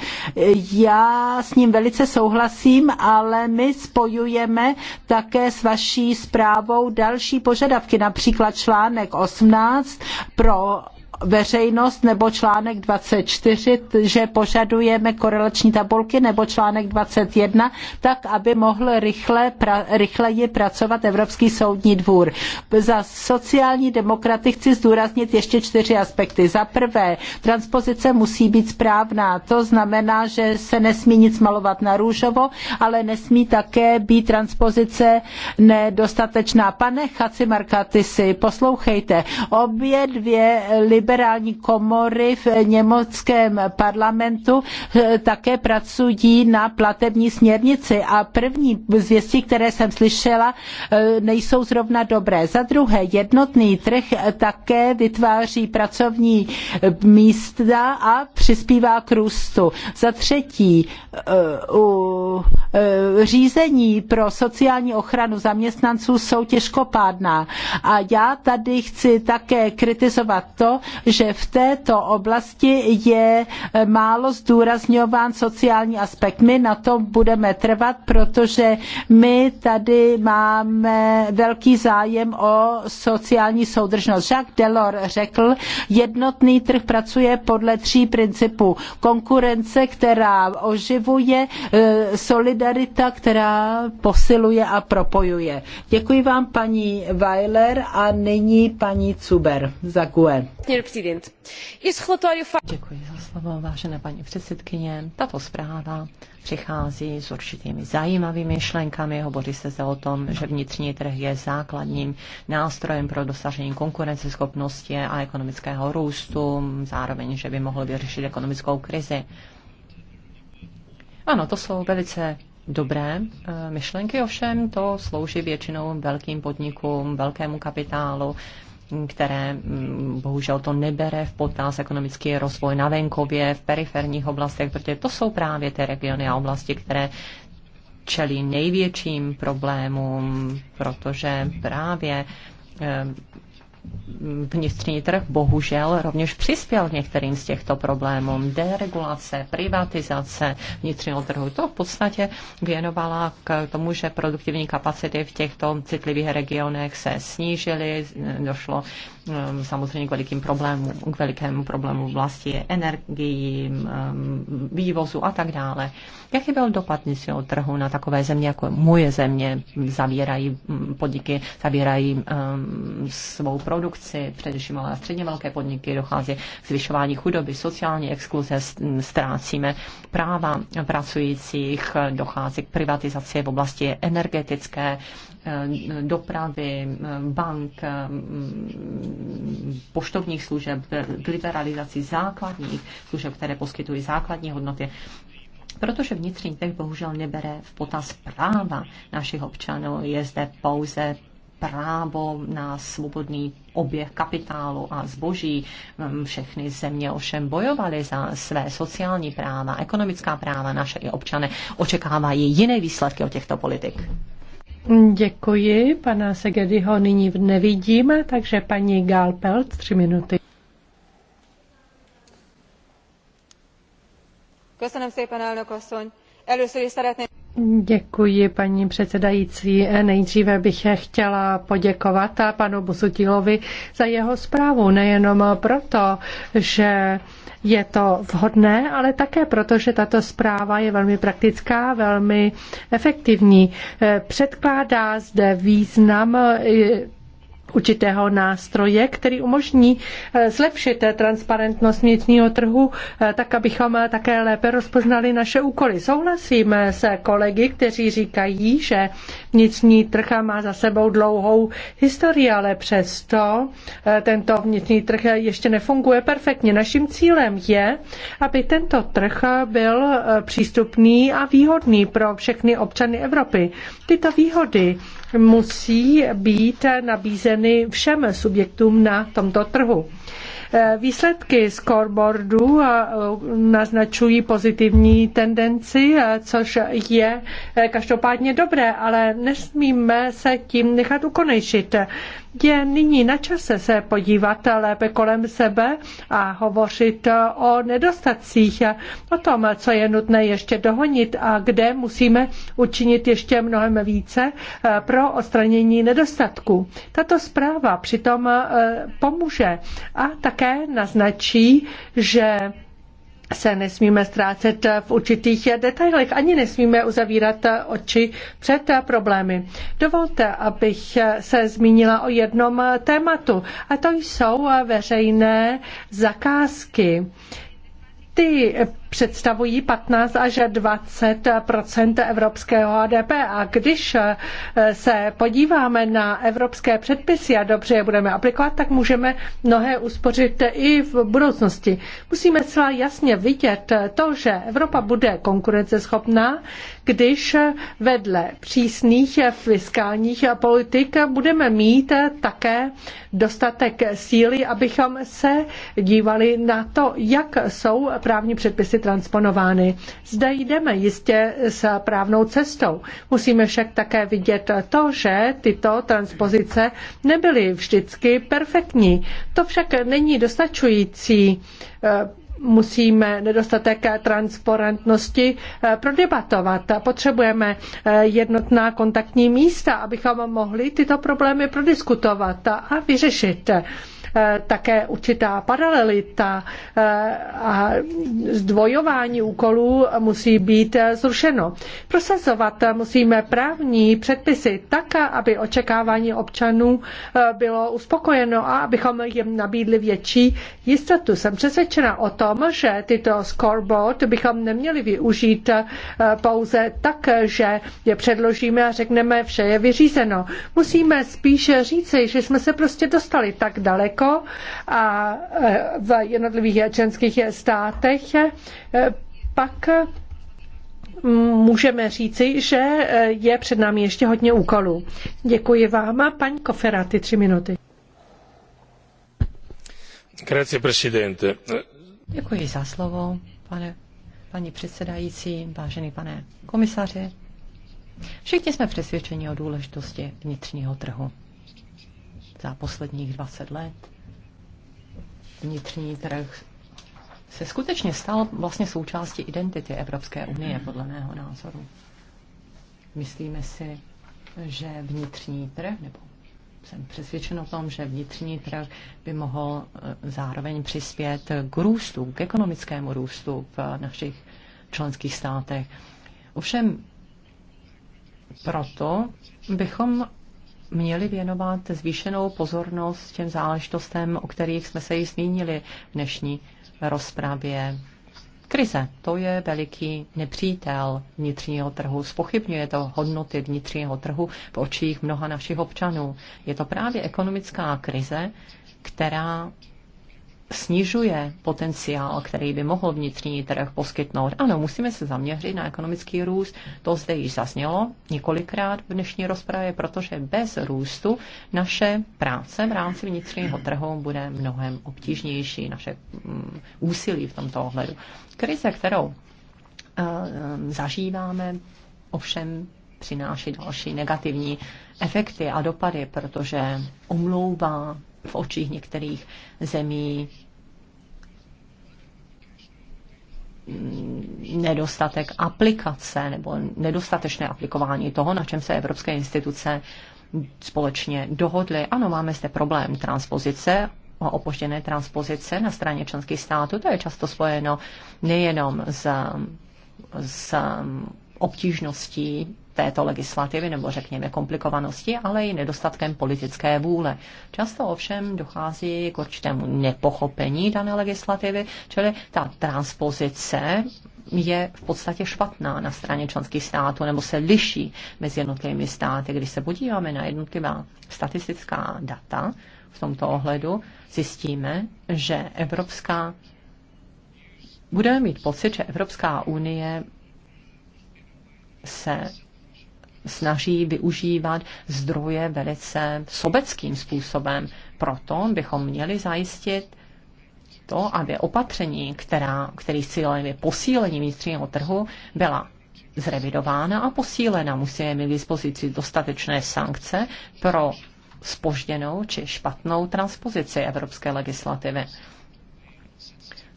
Já s ním velice souhlasím, ale my spojujeme také s vaší zprávou další požadavky, například článek 18 pro veřejnost nebo článek 24, že požadujeme korelační tabulky nebo článek 21, tak aby mohl rychle, pra, rychleji pracovat Evropský soudní dvůr. Za sociální demokraty chci zdůraznit ještě čtyři aspekty. Za prvé, transpozice musí být správná. To znamená, že se nesmí nic malovat na růžovo, ale nesmí také být transpozice nedostatečná. Pane Markatisi, poslouchejte, obě dvě lib liberální komory v německém parlamentu eh, také pracují na platební směrnici a první zvěstí, které jsem slyšela, eh, nejsou zrovna dobré. Za druhé, jednotný trh také vytváří pracovní eh, místa a přispívá k růstu. Za třetí, u řízení pro sociální ochranu zaměstnanců jsou těžkopádná. A já tady chci také kritizovat to, že v této oblasti je eh, málo zdůrazňován sociální aspekt. My na tom budeme trvat, protože my tady máme velký zájem o sociální soudržnost. Jacques Delors řekl, jednotný trh pracuje podle tří principů. Konkurence, která oživuje, eh, solidarita, která posiluje a propojuje. Děkuji vám, paní Weiler, a nyní paní Cuber za GUE. Děkuji za vážená paní předsedkyně. Tato zpráva přichází s určitými zajímavými myšlenkami. Hovoří se zde o tom, že vnitřní trh je základním nástrojem pro dosažení konkurenceschopnosti a ekonomického růstu, zároveň, že by mohl vyřešit ekonomickou krizi. Ano, to jsou velice dobré e, myšlenky, ovšem to slouží většinou velkým podnikům, velkému kapitálu, které mm, bohužel to nebere v potaz ekonomický rozvoj na venkově, v periferních oblastech, protože to jsou právě ty regiony a oblasti, které čelí největším problémům, protože právě eh, vnitřní trh bohužel rovněž přispěl k některým z těchto problémů. Deregulace, privatizace vnitřního trhu, to v podstatě věnovala k tomu, že produktivní kapacity v těchto citlivých regionech se snížily, došlo Ehm, samozřejmě k velikým problémům, k velikému problému vlasti energii, ehm, vývozu a tak dále. Jaký byl dopad dnešního trhu na takové země, jako moje země, zavírají mm, podniky, zavírají ehm, svou produkci, především malé středně velké podniky, dochází k zvyšování chudoby, sociální exkluze, ztrácíme práva pracujících, dochází k privatizaci v oblasti energetické, dopravy, bank, poštovních služeb, k liberalizaci základních služeb, které poskytují základní hodnoty protože vnitřní trh bohužel nebere v potaz práva našich občanů. Je zde pouze právo na svobodný oběh kapitálu a zboží. Všechny země ovšem bojovaly za své sociální práva, ekonomická práva, naše i občany očekávají jiné výsledky od těchto politik. Děkuji, pana Segedyho nyní nevidím, takže paní Gálpel, tři minuty. Köszönöm szépen, elnök asszony! Děkuji, paní předsedající. Nejdříve bych chtěla poděkovat panu Busutilovi za jeho zprávu, nejenom proto, že je to vhodné, ale také proto, že tato zpráva je velmi praktická, velmi efektivní. Eh, předkládá zde význam eh, určitého nástroje, který umožní eh, zlepšit eh, transparentnost vnitřního trhu, eh, tak abychom také lépe rozpoznali naše úkoly. Souhlasím se kolegy, kteří říkají, že vnitřní trh má za sebou dlouhou historii, ale přesto tento vnitřní trh ještě nefunguje perfektně. Naším cílem je, aby tento trh byl přístupný a výhodný pro všechny občany Evropy. Tyto výhody musí být nabízeny všem subjektům na tomto trhu. Eh, výsledky scoreboardu eh, naznačují pozitivní tendenci, eh, což je každopádně dobré, ale nesmíme se tím nechat ukonejšit. Je nyní na čase se podívat lépe kolem sebe a hovořit o nedostacích, o tom, co je nutné ještě dohonit a kde musíme učinit ještě mnohem více eh, pro odstranění nedostatků. Tato zpráva přitom eh, pomůže a také naznačí, že se nesmíme ztrácet v určitých detailech, ani nesmíme uzavírat oči před problémy. Dovolte, abych se zmínila o jednom tématu, a to jsou veřejné zakázky. Ty představují 15 až 20 evropského HDP. A když eh, se podíváme na evropské předpisy a dobře je budeme aplikovat, tak můžeme mnohé uspořit i v budoucnosti. Musíme zcela jasně vidět to, že Evropa bude konkurenceschopná, když vedle přísných fiskálních politik budeme mít také dostatek síly, abychom se dívali na to, jak jsou právní předpisy transponovány. Zde jdeme jistě s právnou cestou. Musíme však také vidět to, že tyto transpozice nebyly vždycky perfektní. To však není dostačující musíme nedostatek transparentnosti eh, prodebatovat. Potřebujeme eh, jednotná kontaktní místa, abychom mohli tyto problémy prodiskutovat a vyřešit. Eh, také určitá paralelita eh, a zdvojování úkolů musí být eh, zrušeno. Prosazovat musíme právní předpisy tak, aby očekávání občanů bylo uspokojeno a abychom jim nabídli větší jistotu. Jsem přesvědčena o tom, že tyto scoreboard bychom neměli využít pouze tak, že je předložíme a řekneme, vše je vyřízeno. Musíme spíše říci, že jsme se prostě dostali tak daleko, Řecko a e, v jednotlivých členských státech e, pak můžeme říci, že e, je před námi ještě hodně úkolů. Děkuji vám a paní ty tři minuty. Grazie, presidente. Děkuji za slovo, pane, paní předsedající, vážený pane komisaři. Všichni jsme přesvědčeni o důležitosti vnitřního trhu. Za posledních 20 let vnitřní trh se skutečně stal vlastně součástí identity Evropské unie, podle mého názoru. Myslíme si, že vnitřní trh, nebo jsem přesvědčen o tom, že vnitřní trh by mohl eh, zároveň přispět k růstu, k ekonomickému růstu v našich členských státech. Ovšem proto bychom měli věnovat zvýšenou pozornost těm záležitostem, o kterých jsme se již zmínili v dnešní rozprávě. Krize, to je veliký nepřítel vnitřního trhu. Spochybňuje to hodnoty vnitřního trhu v očích mnoha našich občanů. Je to právě ekonomická krize, která snižuje potenciál, který by mohl vnitřní trh poskytnout. Ano, musíme se zaměřit na ekonomický růst, to zde již zaznělo několikrát v dnešní rozpravě, protože bez růstu naše práce v rámci vnitřního trhu bude mnohem obtížnější, naše mm, úsilí v tomto ohledu. Krize, kterou eh, zažíváme, ovšem přináší další negativní efekty a dopady, protože omlouvá v očích některých zemí nedostatek aplikace nebo nedostatečné aplikování toho, na čem se evropské instituce společně dohodly. Ano, máme zde problém transpozice a opožděné transpozice na straně členských států. To je často spojeno nejenom s, s obtížností této legislativy, nebo řekněme komplikovanosti, ale i nedostatkem politické vůle. Často ovšem dochází k určitému nepochopení dané legislativy, čili ta transpozice je v podstatě špatná na straně členských států nebo se liší mezi jednotlivými státy. Když se podíváme na jednotlivá statistická data v tomto ohledu, zjistíme, že Evropská budeme mít pocit, že Evropská unie se snaží využívat zdroje velice sobeckým způsobem. Proto bychom měli zajistit to, aby opatření, která, který cílem je posílení vnitřního trhu, byla zrevidována a posílena. Musíme mít k dispozici dostatečné sankce pro spožděnou či špatnou transpozici evropské legislativy.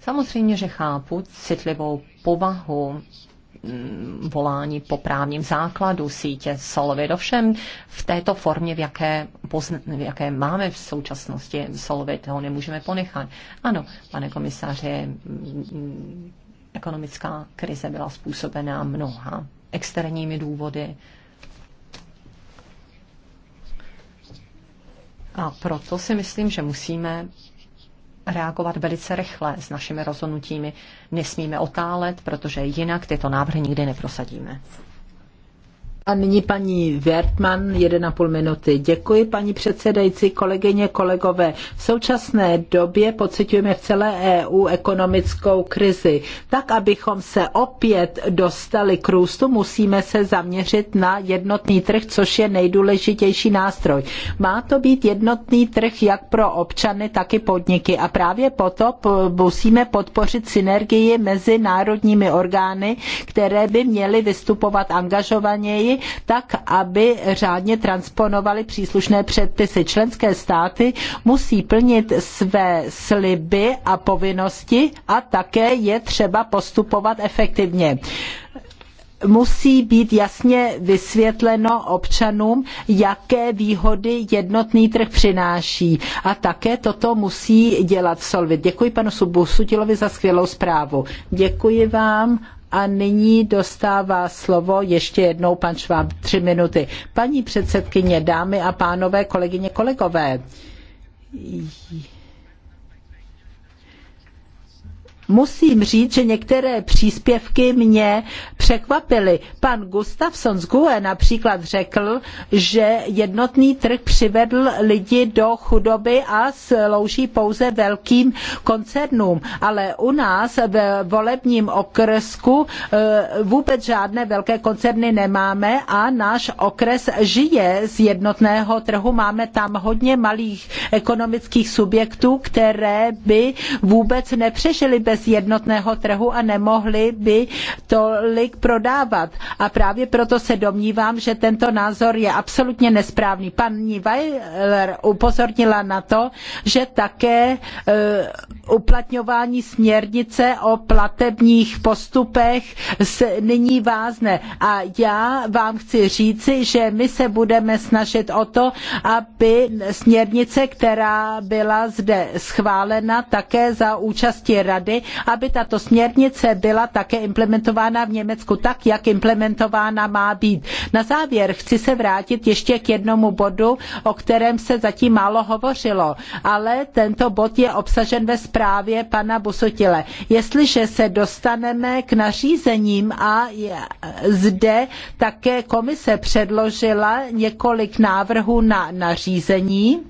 Samozřejmě, že chápu citlivou povahu Mm, volání po právním základu sítě Solvit. Ovšem v této formě, v jaké, pozna, v jaké máme v současnosti Solvit, ho nemůžeme ponechat. Ano, pane komisaře, mm, ekonomická krize byla způsobená mnoha externími důvody, A proto si myslím, že musíme reagovat velice rychle s našimi rozhodnutími. Nesmíme otálet, protože jinak tyto návrhy nikdy neprosadíme. A nyní paní Wertmann, 1,5 minuty. Děkuji, paní předsedající, kolegyně, kolegové. V současné době pocitujeme v celé EU ekonomickou krizi. Tak, abychom se opět dostali k růstu, musíme se zaměřit na jednotný trh, což je nejdůležitější nástroj. Má to být jednotný trh jak pro občany, tak i podniky. A právě proto musíme podpořit synergii mezi národními orgány, které by měly vystupovat angažovaněji tak aby řádně transponovali příslušné předpisy. Členské státy musí plnit své sliby a povinnosti a také je třeba postupovat efektivně musí být jasně vysvětleno občanům, jaké výhody jednotný trh přináší. A také toto musí dělat Solvit. Děkuji panu Subusutilovi za skvělou zprávu. Děkuji vám a nyní dostává slovo ještě jednou pan Šváb, tři minuty. Paní předsedkyně, dámy a pánové, kolegyně, kolegové. Jí musím říct, že některé příspěvky mě překvapily. Pan Gustafsson z GUE například řekl, že jednotný trh přivedl lidi do chudoby a slouží pouze velkým koncernům. Ale u nás ve volebním okresku eh, vůbec žádné velké koncerny nemáme a náš okres žije z jednotného trhu. Máme tam hodně malých ekonomických subjektů, které by vůbec nepřežily bez bez jednotného trhu a nemohli by tolik prodávat. A právě proto se domnívám, že tento názor je absolutně nesprávný. Paní Weiler upozornila na to, že také e, uplatňování směrnice o platebních postupech nyní vázne. A já vám chci říci, že my se budeme snažit o to, aby směrnice, která byla zde schválena také za účasti rady, aby tato směrnice byla také implementována v Německu tak, jak implementována má být. Na závěr chci se vrátit ještě k jednomu bodu, o kterém se zatím málo hovořilo, ale tento bod je obsažen ve zprávě pana Busutile. Jestliže se dostaneme k nařízením a zde také komise předložila několik návrhů na nařízení,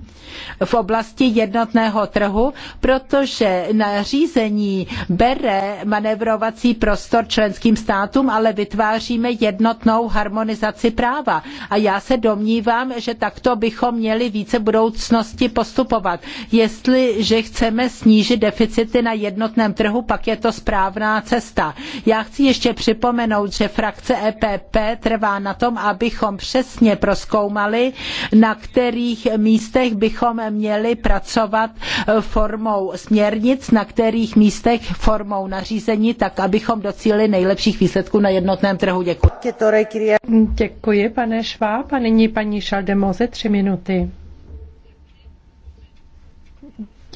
v oblasti jednotného trhu, protože nařízení bere manevrovací prostor členským státům, ale vytváříme jednotnou harmonizaci práva. A já se domnívám, že takto bychom měli více v budoucnosti postupovat. Jestliže chceme snížit deficity na jednotném trhu, pak je to správná cesta. Já chci ještě připomenout, že frakce EPP trvá na tom, abychom přesně proskoumali, na kterých místech bychom bychom měli pracovat eh, formou směrnic, na kterých místech formou nařízení, tak abychom docílili nejlepších výsledků na jednotném trhu. Děkuji. Děkuji, pane Šváb. A nyní paní Šaldemoze, tři minuty.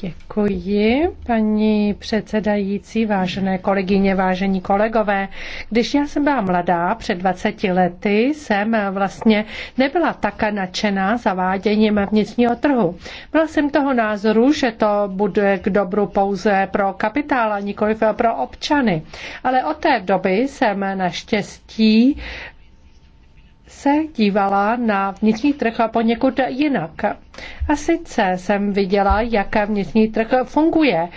Děkuji, paní předsedající, vážené kolegyně, vážení kolegové. Když já jsem byla mladá, před 20 lety, jsem vlastně nebyla tak nadšená zaváděním vnitřního trhu. Byla jsem toho názoru, že to bude k dobru pouze pro kapitál a nikoli pro občany. Ale od té doby jsem naštěstí se dívala na vnitřní trh poněkud jinak. A sice jsem viděla, jak vnitřní trh funguje.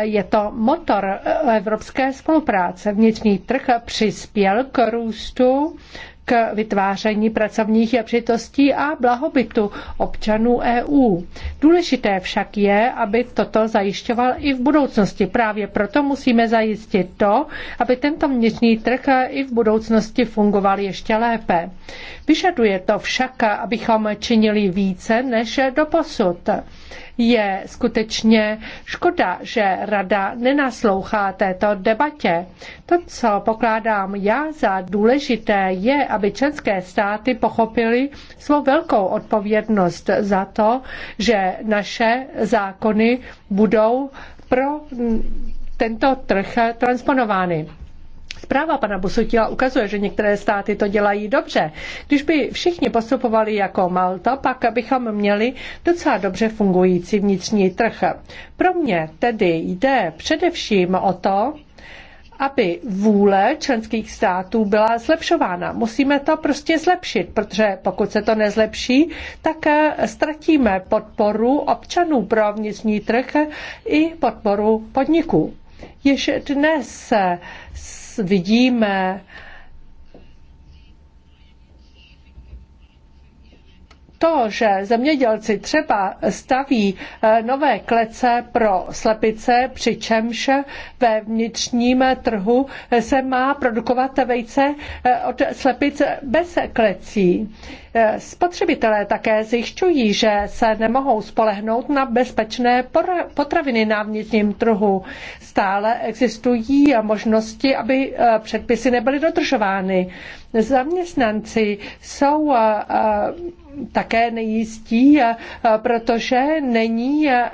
Je to motor evropské spolupráce. Vnitřní trh přispěl k růstu k vytváření pracovních příležitostí a blahobytu občanů EU. Důležité však je, aby toto zajišťoval i v budoucnosti. Právě proto musíme zajistit to, aby tento vnitřní trh i v budoucnosti fungoval ještě lépe. Vyžaduje to však, abychom činili více než doposud. Je skutečně škoda, že rada nenaslouchá této debatě. To, co pokládám já za důležité, je, aby české státy pochopily svou velkou odpovědnost za to, že naše zákony budou pro tento trh transponovány. Zpráva pana Busutila ukazuje, že některé státy to dělají dobře. Když by všichni postupovali jako Malta, pak bychom měli docela dobře fungující vnitřní trh. Pro mě tedy jde především o to, aby vůle členských států byla zlepšována. Musíme to prostě zlepšit, protože pokud se to nezlepší, tak eh, ztratíme podporu občanů pro vnitřní trh i podporu podniků. Již dnes eh, vidíme To, že zemědělci třeba staví eh, nové klece pro slepice, přičemž ve vnitřním trhu se má produkovat vejce eh, od slepic bez klecí. Eh, spotřebitelé také zjišťují, že se nemohou spolehnout na bezpečné potraviny na vnitřním trhu. Stále existují možnosti, aby předpisy nebyly dodržovány. Zaměstnanci jsou také nejistí, eh, protože není eh,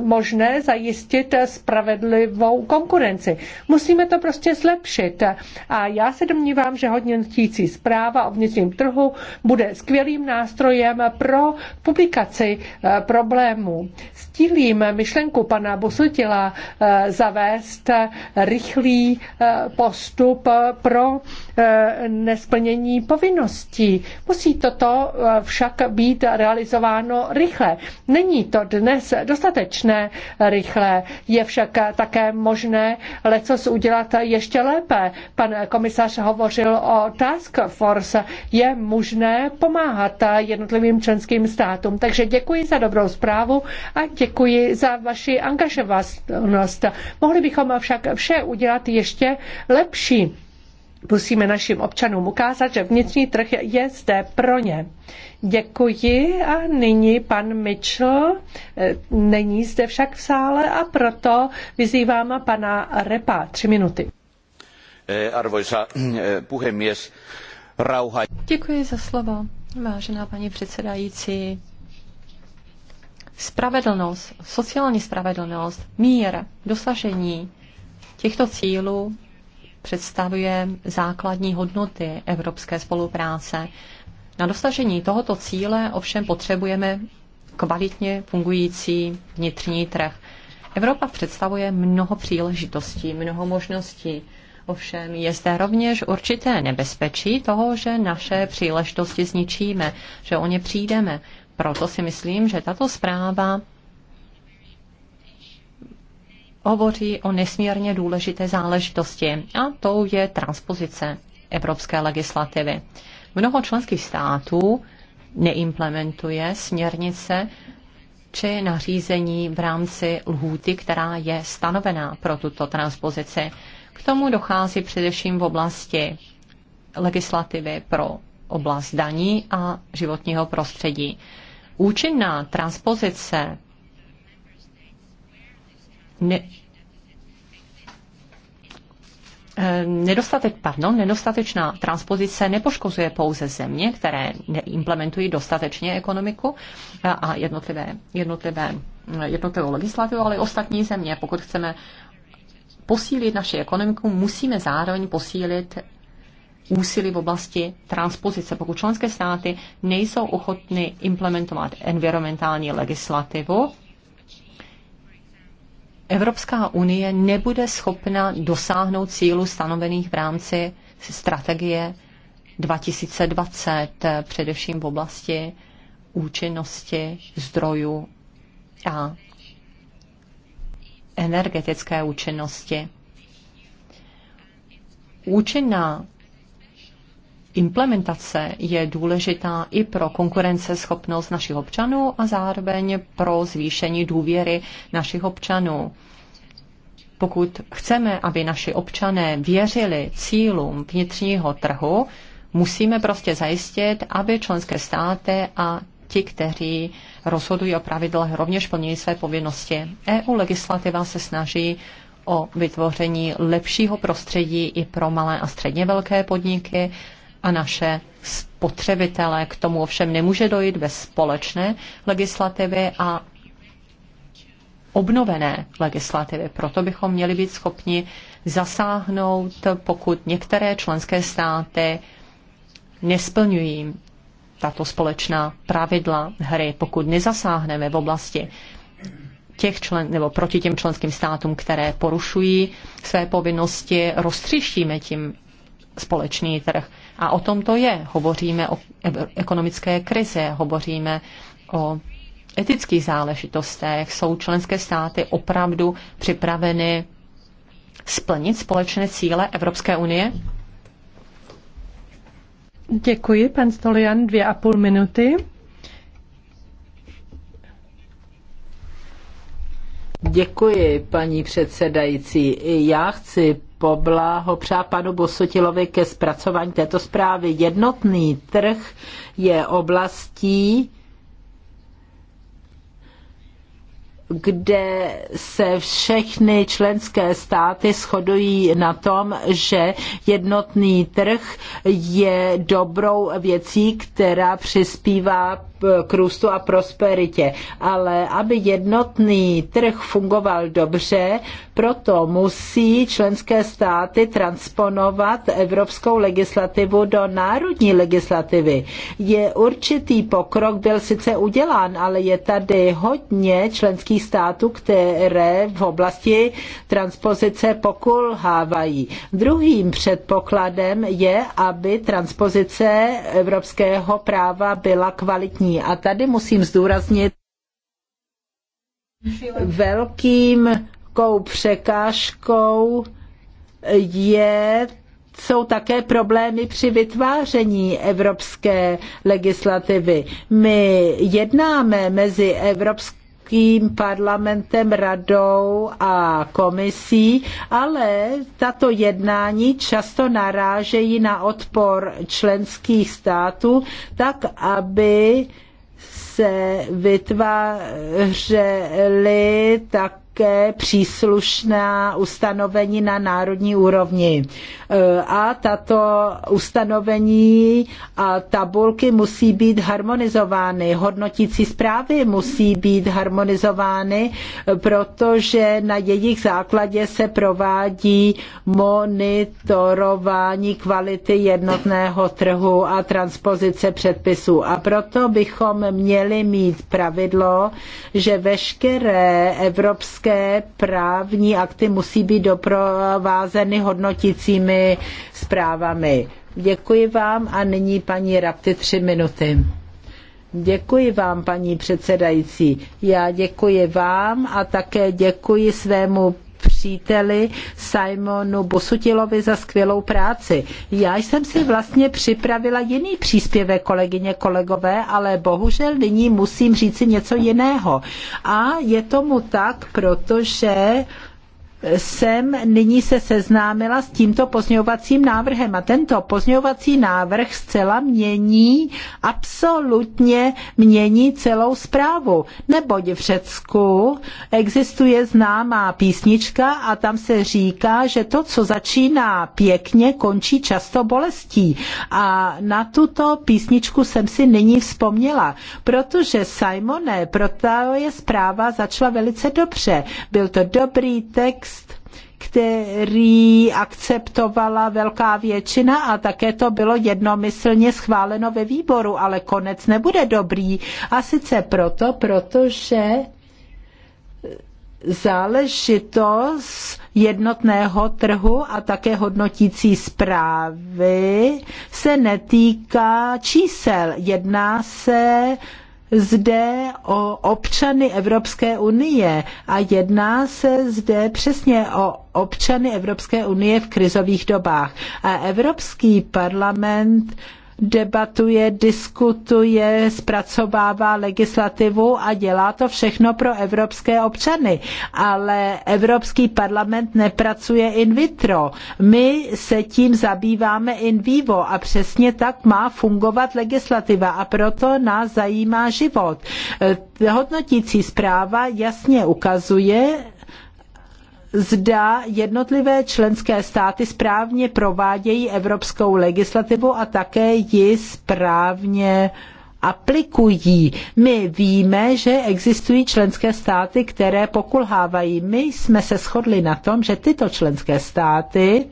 možné zajistit spravedlivou konkurenci. Musíme to prostě zlepšit. A já se domnívám, že hodnotící zpráva o vnitřním trhu bude skvělým nástrojem pro publikaci eh, problémů. Stílím myšlenku pana Bosutila zavést rychlý postup pro nesplnění povinností. Musí toto však být realizováno rychle. Není to dnes dostatečné rychle, je však také možné lecos udělat ještě lépe. Pan komisař hovořil o task force. Je možné pomáhat jednotlivým členským státům. Takže děkuji za dobrou zprávu a děkuji za vaši angažovanost. Mohli bychom však vše udělat ještě lepší musíme našim občanům ukázat, že vnitřní trh je zde pro ně. Děkuji a nyní pan Mitchell eh, není zde však v sále a proto vyzývám pana Repa. Tři minuty. Eh, arvoisa eh, puhemies, rauha. Děkuji za slovo, vážená paní předsedající. Spravedlnost, sociální spravedlnost, mír, dosažení těchto cílů představuje základní hodnoty evropské spolupráce. Na dosažení tohoto cíle ovšem potřebujeme kvalitně fungující vnitřní trh. Evropa představuje mnoho příležitostí, mnoho možností. Ovšem je zde rovněž určité nebezpečí toho, že naše příležitosti zničíme, že o ně přijdeme. Proto si myslím, že tato zpráva hovoří o nesmírně důležité záležitosti a to je transpozice evropské legislativy. Mnoho členských států neimplementuje směrnice či nařízení v rámci lhůty, která je stanovená pro tuto transpozici. K tomu dochází především v oblasti legislativy pro oblast daní a životního prostředí. Účinná transpozice ne, eh, Nedostatek, pardon, nedostatečná transpozice nepoškozuje pouze země, které neimplementují dostatečně ekonomiku eh, a jednotlivé, jednotlivé, eh, jednotlivou legislativu, ale i ostatní země. Pokud chceme posílit naši ekonomiku, musíme zároveň posílit úsilí v oblasti transpozice. Pokud členské státy nejsou ochotny implementovat environmentální legislativu, Evropská unie nebude schopna dosáhnout cílu stanovených v rámci strategie 2020, především v oblasti účinnosti zdrojů a energetické účinnosti. Účinná implementace je důležitá i pro konkurenceschopnost našich občanů a zároveň pro zvýšení důvěry našich občanů. Pokud chceme, aby naši občané věřili cílům vnitřního trhu, musíme prostě zajistit, aby členské státy a ti, kteří rozhodují o pravidlech, rovněž plnili své povinnosti. EU legislativa se snaží o vytvoření lepšího prostředí i pro malé a středně velké podniky a naše spotřebitele. K tomu ovšem nemůže dojít bez společné legislativy a obnovené legislativy. Proto bychom měli být schopni zasáhnout, pokud některé členské státy nesplňují tato společná pravidla hry, pokud nezasáhneme v oblasti těch člen, nebo proti těm členským státům, které porušují své povinnosti, roztříštíme tím společný trh. A o tom to je. Hovoříme o ekonomické krize, hovoříme o etických záležitostech. Jsou členské státy opravdu připraveny splnit společné cíle Evropské unie? Děkuji, pan Stolian, dvě a půl minuty. Děkuji, paní předsedající. já chci poblahopřát panu Bosotilovi ke zpracování této zprávy. Jednotný trh je oblastí, kde se všechny členské státy shodují na tom, že jednotný trh je dobrou věcí, která přispívá k růstu a prosperitě. Ale aby jednotný trh fungoval dobře, proto musí členské státy transponovat evropskou legislativu do národní legislativy. Je určitý pokrok, byl sice udělán, ale je tady hodně členských států, které v oblasti transpozice pokulhávají. Druhým předpokladem je, aby transpozice evropského práva byla kvalitní zdanění. A tady musím zdůraznit velkým překážkou je jsou také problémy při vytváření evropské legislativy. My jednáme mezi Evropskou Evropským parlamentem, radou a komisí, ale tato jednání často narážejí na odpor členských států, tak aby se vytvářely tak také příslušná ustanovení na národní úrovni. E, a tato ustanovení a tabulky musí být harmonizovány, hodnotící zprávy musí být harmonizovány, protože na jejich základě se provádí monitorování kvality jednotného trhu a transpozice předpisů. A proto bychom měli mít pravidlo, že veškeré evropské Evropské právní akty musí být doprovázeny hodnotícími zprávami. Děkuji vám a nyní paní Rapty tři minuty. Děkuji vám, paní předsedající. Já děkuji vám a také děkuji svému příteli Simonu Busutilovi za skvělou práci. Já jsem si vlastně připravila jiný příspěvek, kolegyně, kolegové, ale bohužel nyní musím říci něco jiného. A je tomu tak, protože jsem nyní se seznámila s tímto pozměňovacím návrhem a tento pozměňovací návrh zcela mění, absolutně mění celou zprávu. Neboť v Řecku existuje známá písnička a tam se říká, že to, co začíná pěkně, končí často bolestí. A na tuto písničku jsem si nyní vzpomněla, protože Simone, proto je zpráva začala velice dobře. Byl to dobrý text, text, který akceptovala velká většina a také to bylo jednomyslně schváleno ve výboru, ale konec nebude dobrý. A sice proto, protože záležitost jednotného trhu a také hodnotící zprávy se netýká čísel. Jedná se zde o občany Evropské unie a jedná se zde přesně o občany Evropské unie v krizových dobách. A Evropský parlament debatuje, diskutuje, zpracovává legislativu a dělá to všechno pro evropské občany. Ale Evropský parlament nepracuje in vitro. My se tím zabýváme in vivo a přesně tak má fungovat legislativa a proto nás zajímá život. Eh, hodnotící zpráva jasně ukazuje, zda jednotlivé členské státy správně provádějí evropskou legislativu a také ji správně aplikují. My víme, že existují členské státy, které pokulhávají. My jsme se shodli na tom, že tyto členské státy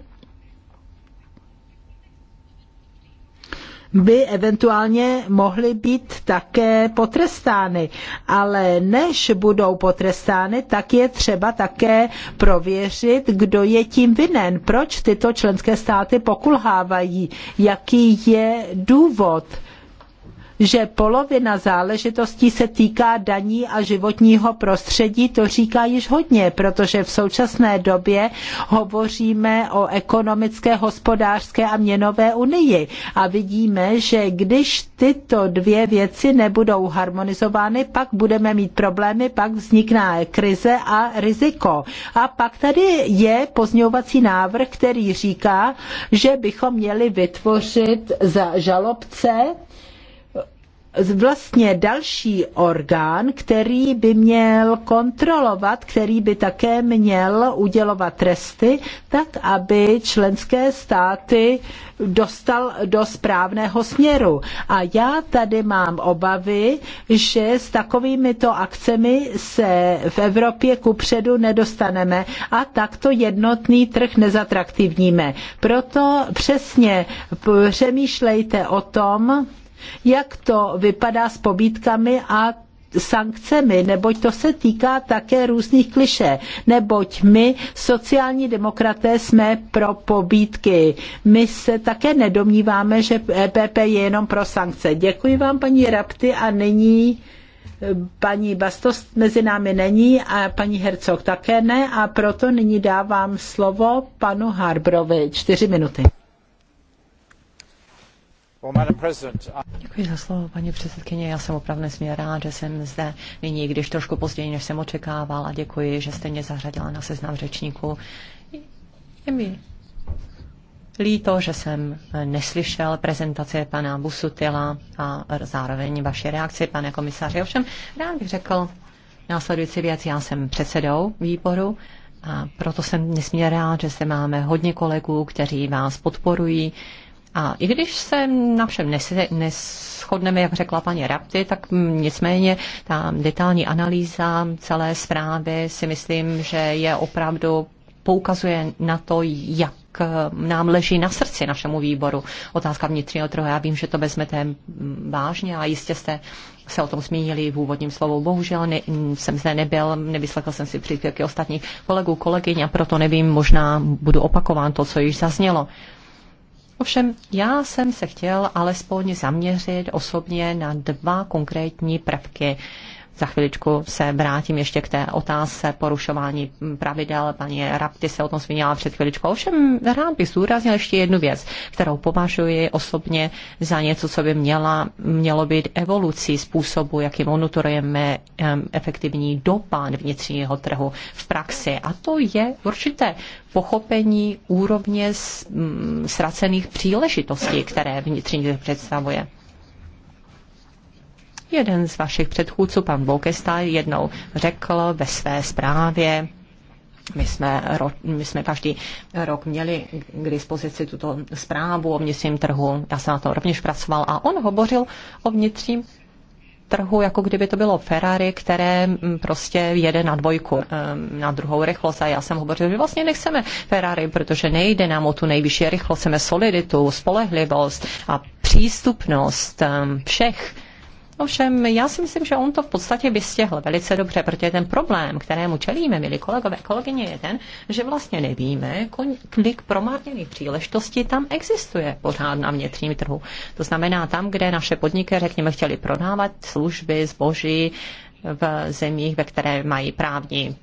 by eventuálně mohly být také potrestány. Ale než budou potrestány, tak je třeba také prověřit, kdo je tím vinen, proč tyto členské státy pokulhávají, jaký je důvod že polovina záležitostí se týká daní a životního prostředí, to říká již hodně, protože v současné době hovoříme o ekonomické, hospodářské a měnové unii a vidíme, že když tyto dvě věci nebudou harmonizovány, pak budeme mít problémy, pak vznikná krize a riziko. A pak tady je pozňovací návrh, který říká, že bychom měli vytvořit za žalobce vlastně další orgán, který by měl kontrolovat, který by také měl udělovat tresty, tak aby členské státy dostal do správného směru. A já tady mám obavy, že s takovýmito akcemi se v Evropě kupředu nedostaneme a takto jednotný trh nezatraktivníme. Proto přesně přemýšlejte o tom, jak to vypadá s pobítkami a sankcemi, neboť to se týká také různých kliše, neboť my, sociální demokraté, jsme pro pobídky. My se také nedomníváme, že EPP je jenom pro sankce. Děkuji vám, paní Rapty, a nyní eh, paní Bastos mezi námi není a paní Hercog také ne a proto nyní dávám slovo panu Harbrovi. Čtyři minuty. Děkuji za slovo, paní předsedkyně. Já jsem opravdu nesmírně rád, že jsem zde nyní, když trošku později, než jsem očekával a děkuji, že jste mě zařadila na seznam řečníků. Je mi líto, že jsem neslyšel prezentaci pana Busutila a zároveň vaše reakci, pane komisaři. Ovšem rád bych řekl následující věc. Já jsem předsedou výboru a proto jsem nesmírně rád, že zde máme hodně kolegů, kteří vás podporují a i když se na všem neschodneme, jak řekla paní Rapty, tak nicméně ta detailní analýza celé zprávy si myslím, že je opravdu poukazuje na to, jak nám leží na srdci našemu výboru. Otázka vnitřního trhu, já vím, že to vezmete vážně a jistě jste se o tom zmínili v úvodním slovu. Bohužel ne, jsem zde nebyl, nevyslechl jsem si příspěvky ostatních kolegů, kolegyň a proto nevím, možná budu opakován to, co již zaznělo. Ovšem, já jsem se chtěl alespoň zaměřit osobně na dva konkrétní prvky za chviličku se vrátím ještě k té otázce porušování pravidel. Paní Rapti se o tom zmínila před chviličkou. Ovšem rád bych zúraznil ještě jednu věc, kterou považuji osobně za něco, co by měla, mělo být evolucí způsobu, jaký monitorujeme efektivní dopad vnitřního trhu v praxi. A to je určité pochopení úrovně ztracených příležitostí, které vnitřní trh představuje. Jeden z vašich předchůdců, pan Bolkesta, jednou řekl ve své zprávě, my jsme, ro, my jsme každý rok měli k dispozici tuto zprávu o vnitřním trhu. Já jsem na to rovněž pracoval a on hovořil o vnitřním trhu, jako kdyby to bylo Ferrari, které prostě jede na dvojku, na druhou rychlost. A já jsem hovořil, že vlastně nechceme Ferrari, protože nejde nám o tu nejvyšší rychlost, chceme soliditu, spolehlivost a přístupnost všech Ovšem, já si myslím, že on to v podstatě vystihl velice dobře, protože ten problém, kterému čelíme, milí kolegové, kolegyně, je ten, že vlastně nevíme, kolik promarněných příležitostí tam existuje pořád na vnitřním trhu. To znamená tam, kde naše podniky, řekněme, chtěli prodávat služby, zboží, v zemích, ve které mají právní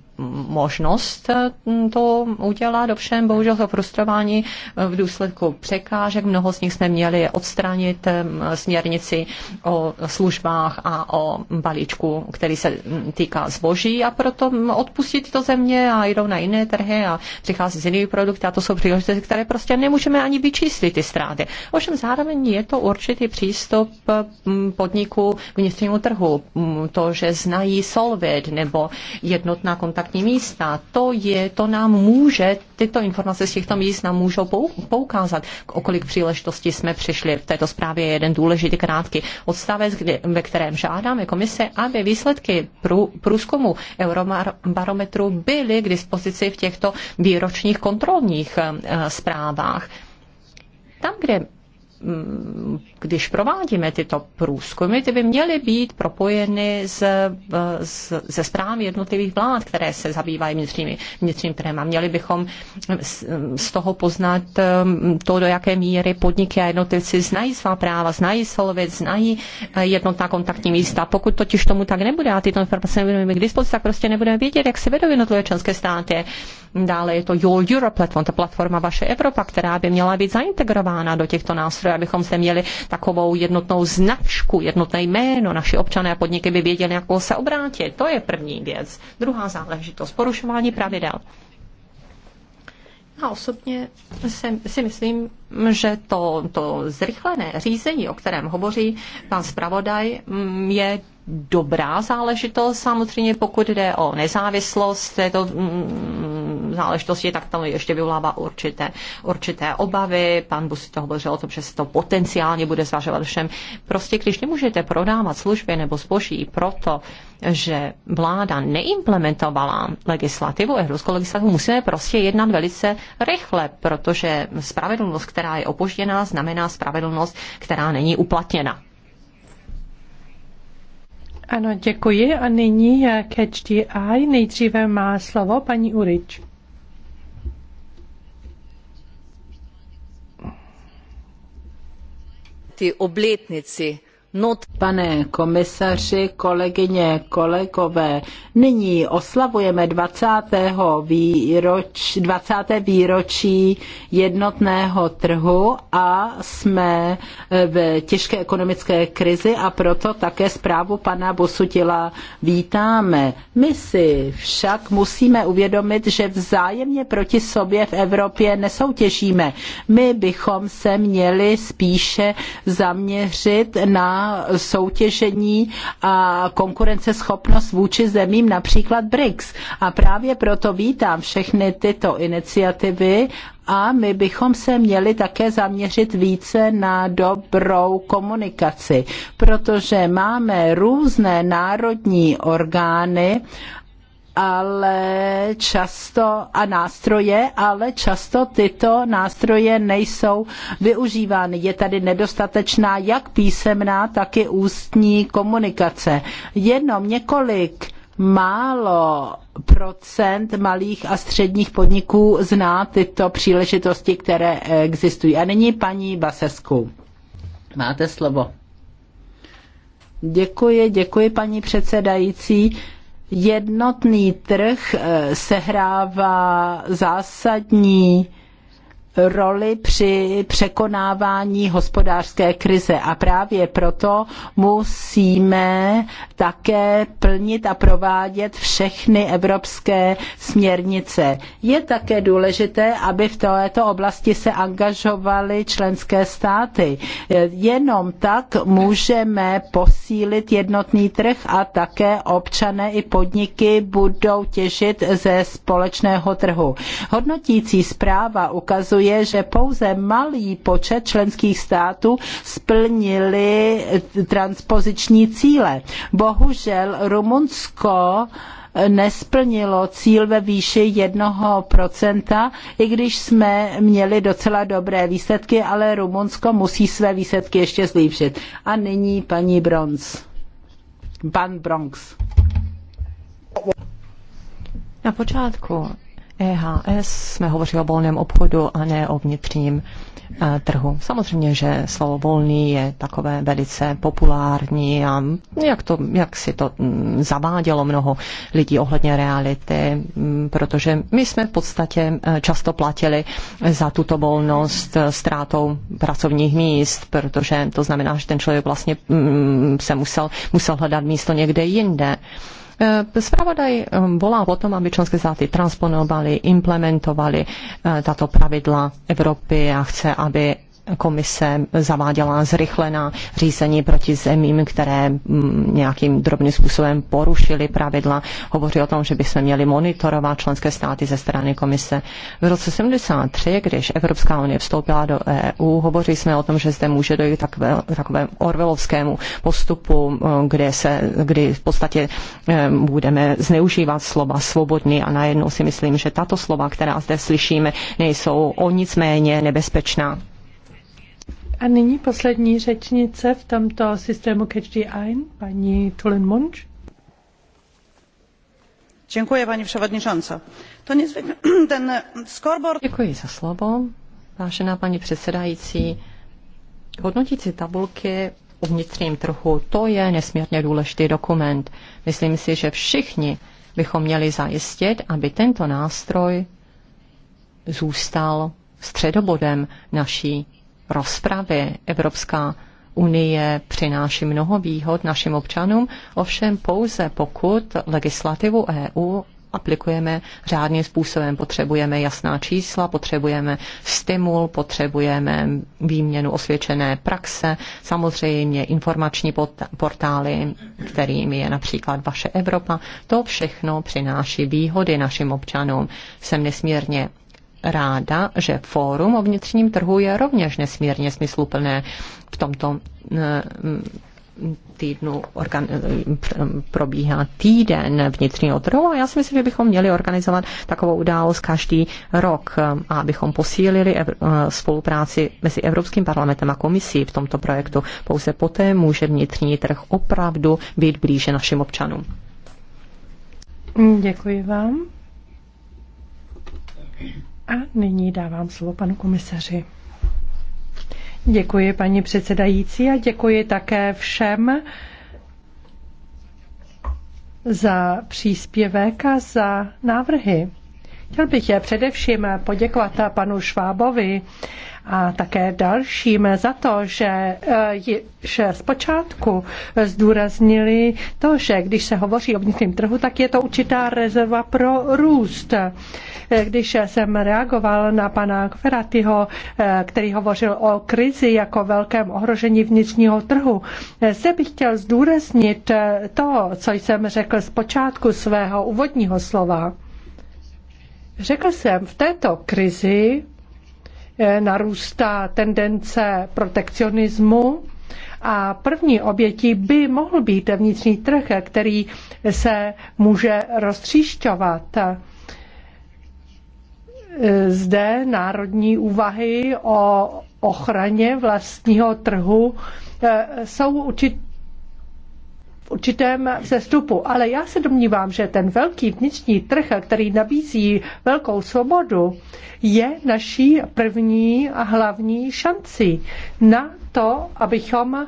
možnost eh, to udělat, ovšem bohužel to frustrování eh, v důsledku překážek. Mnoho z nich jsme měli odstranit eh, směrnici o službách a o balíčku, který se mm, týká zboží a proto mm, odpustit to země a jdou na jiné trhy a přichází z jiných produktů a to jsou příležitosti, které prostě nemůžeme ani vyčíslit ty ztráty. Ovšem zároveň je to určitý přístup mm, podniku k vnitřnímu trhu. To, že znají Solvit nebo jednotná kontakt kontaktní místa. To je, to nám může, tyto informace z těchto míst nám můžou poukázat, k okolik příležitostí jsme přišli. V této zprávě je jeden důležitý krátký odstavec, kdy, ve kterém žádáme komise, aby výsledky prů, průzkumu Eurobarometru byly k dispozici v těchto výročních kontrolních eh, zprávách. Tam, kde mm, když provádíme tyto průzkumy, ty by měly být propojeny z, z, ze zprávy jednotlivých vlád, které se zabývají vnitřními, vnitřním trhem. měli bychom z, z toho poznat um, to, do jaké míry podniky a jednotlivci znají svá práva, znají solvit, znají eh, jednotná kontaktní místa. Pokud totiž tomu tak nebude a tyto informace nebudeme mít k dispozici, tak prostě nebudeme vědět, jak se vedou jednotlivé členské státy. Dále je to Your Europe platform, ta platforma Vaše Evropa, která by měla být zaintegrována do těchto nástrojů, abychom se měli takovou jednotnou značku, jednotné jméno. Naši občané a podniky by věděli, jakou se obrátit. To je první věc. Druhá záležitost, porušování pravidel. Já osobně si, si myslím, že to, to zrychlené řízení, o kterém hovoří pan zpravodaj, mm, je dobrá záležitost. Samozřejmě pokud jde o nezávislost této mm, záležitosti, tak tam ještě vyvolává určité, určité obavy. Pan Busi to hovořil o tom, že se to potenciálně bude zvažovat všem. Prostě když nemůžete prodávat služby nebo zboží proto, že vláda neimplementovala legislativu, evropskou legislativu, musíme prostě jednat velice rychle, protože spravedlnost, která je opožděná, znamená spravedlnost, která není uplatněna. Ano, děkuji. A nyní ke eh, HDI. Nejdříve má slovo paní Urič. Ty obletnici Pane komisaři, kolegyně, kolegové, nyní oslavujeme 20. 20. výročí jednotného trhu a jsme e, v těžké ekonomické krizi a proto také zprávu pana Bosutila vítáme. My si však musíme uvědomit, že vzájemně proti sobě v Evropě nesoutěžíme. My bychom se měli spíše zaměřit na soutěžení a konkurenceschopnost vůči zemím, například BRICS. A právě proto vítám všechny tyto iniciativy a my bychom se měli také zaměřit více na dobrou komunikaci, protože máme různé národní orgány ale často a nástroje, ale často tyto nástroje nejsou využívány. Je tady nedostatečná jak písemná, tak i ústní komunikace. Jenom několik málo procent malých a středních podniků zná tyto příležitosti, které existují. A nyní paní Basesku. Máte slovo. Děkuji, děkuji paní předsedající jednotný trh eh, sehrává zásadní roli při překonávání hospodářské krize a právě proto musíme také plnit a provádět všechny evropské směrnice. Je také důležité, aby v této oblasti se angažovaly členské státy. Jenom tak můžeme posílit jednotný trh a také občané i podniky budou těžit ze společného trhu. Hodnotící zpráva ukazuje, ukazuje, že pouze malý počet členských států splnili transpoziční cíle. Bohužel Rumunsko nesplnilo cíl ve výši 1%, i když jsme měli docela dobré výsledky, ale Rumunsko musí své výsledky ještě zlepšit. A nyní paní Bronz. Pan Bronx. Na počátku EHS jsme hovořili o volném obchodu a ne o vnitřním e, trhu. Samozřejmě, že slovo volný je takové velice populární a jak, to, jak si to mm, zavádělo mnoho lidí ohledně reality, mm, protože my jsme v podstatě e, často platili za tuto volnost e, ztrátou pracovních míst, protože to znamená, že ten člověk vlastně mm, se musel, musel hledat místo někde jinde. Spravodaj eh, eh, volá o tom, aby členské státy transponovaly, implementovaly eh, tato pravidla Evropy a chce, aby komise zaváděla zrychlená řízení proti zemím, které mm, nějakým drobným způsobem porušily pravidla. Hovoří o tom, že bychom měli monitorovat členské státy ze strany komise. V roce 73, když Evropská unie vstoupila do EU, hovoří jsme o tom, že zde může dojít takové, takovém orvelovskému postupu, eh, kde se, kdy v podstatě eh, budeme zneužívat slova svobodný a najednou si myslím, že tato slova, která zde slyšíme, nejsou o nic méně nebezpečná. A nyní poslední řečnice v tomto systému Catch the paní Tulin Munch. Děkuji, paní předsedající. To nezvykle, ten scoreboard... Děkuji za slovo, vážená paní předsedající. Hodnotící tabulky o vnitřním trhu, to je nesmírně důležitý dokument. Myslím si, že všichni bychom měli zajistit, aby tento nástroj zůstal středobodem naší rozpravy. Evropská unie přináší mnoho výhod našim občanům, ovšem pouze pokud legislativu EU aplikujeme řádným způsobem. Potřebujeme jasná čísla, potřebujeme stimul, potřebujeme výměnu osvědčené praxe, samozřejmě informační portály, kterými je například vaše Evropa. To všechno přináší výhody našim občanům. Jsem nesmírně ráda, že fórum o vnitřním trhu je rovněž nesmírně smysluplné v tomto eh, týdnu organ, probíhá týden vnitřního trhu a já si myslím, že bychom měli organizovat takovou událost každý rok a eh, abychom posílili ev, eh, spolupráci mezi Evropským parlamentem a komisí v tomto projektu. Pouze poté může vnitřní trh opravdu být blíže našim občanům. Děkuji vám. A nyní dávám slovo panu komisaři. Děkuji paní předsedající a děkuji také všem za příspěvek a za návrhy. Chtěl bych je především poděkovat panu Švábovi a také dalším za to, že, eh, že zpočátku zdůraznili to, že když se hovoří o vnitřním trhu, tak je to určitá rezerva pro růst. Eh, když jsem reagoval na pana Kveratyho, eh, který hovořil o krizi jako velkém ohrožení vnitřního trhu, se bych chtěl zdůraznit to, co jsem řekl zpočátku svého úvodního slova Řekl jsem, v této krizi eh, narůstá tendence protekcionismu a první obětí by mohl být vnitřní trh, který se může roztříšťovat eh, zde národní úvahy o ochraně vlastního trhu eh, jsou určitě v určitém sestupu. Ale já se domnívám, že ten velký vnitřní trh, který nabízí velkou svobodu, je naší první a hlavní šanci na to, abychom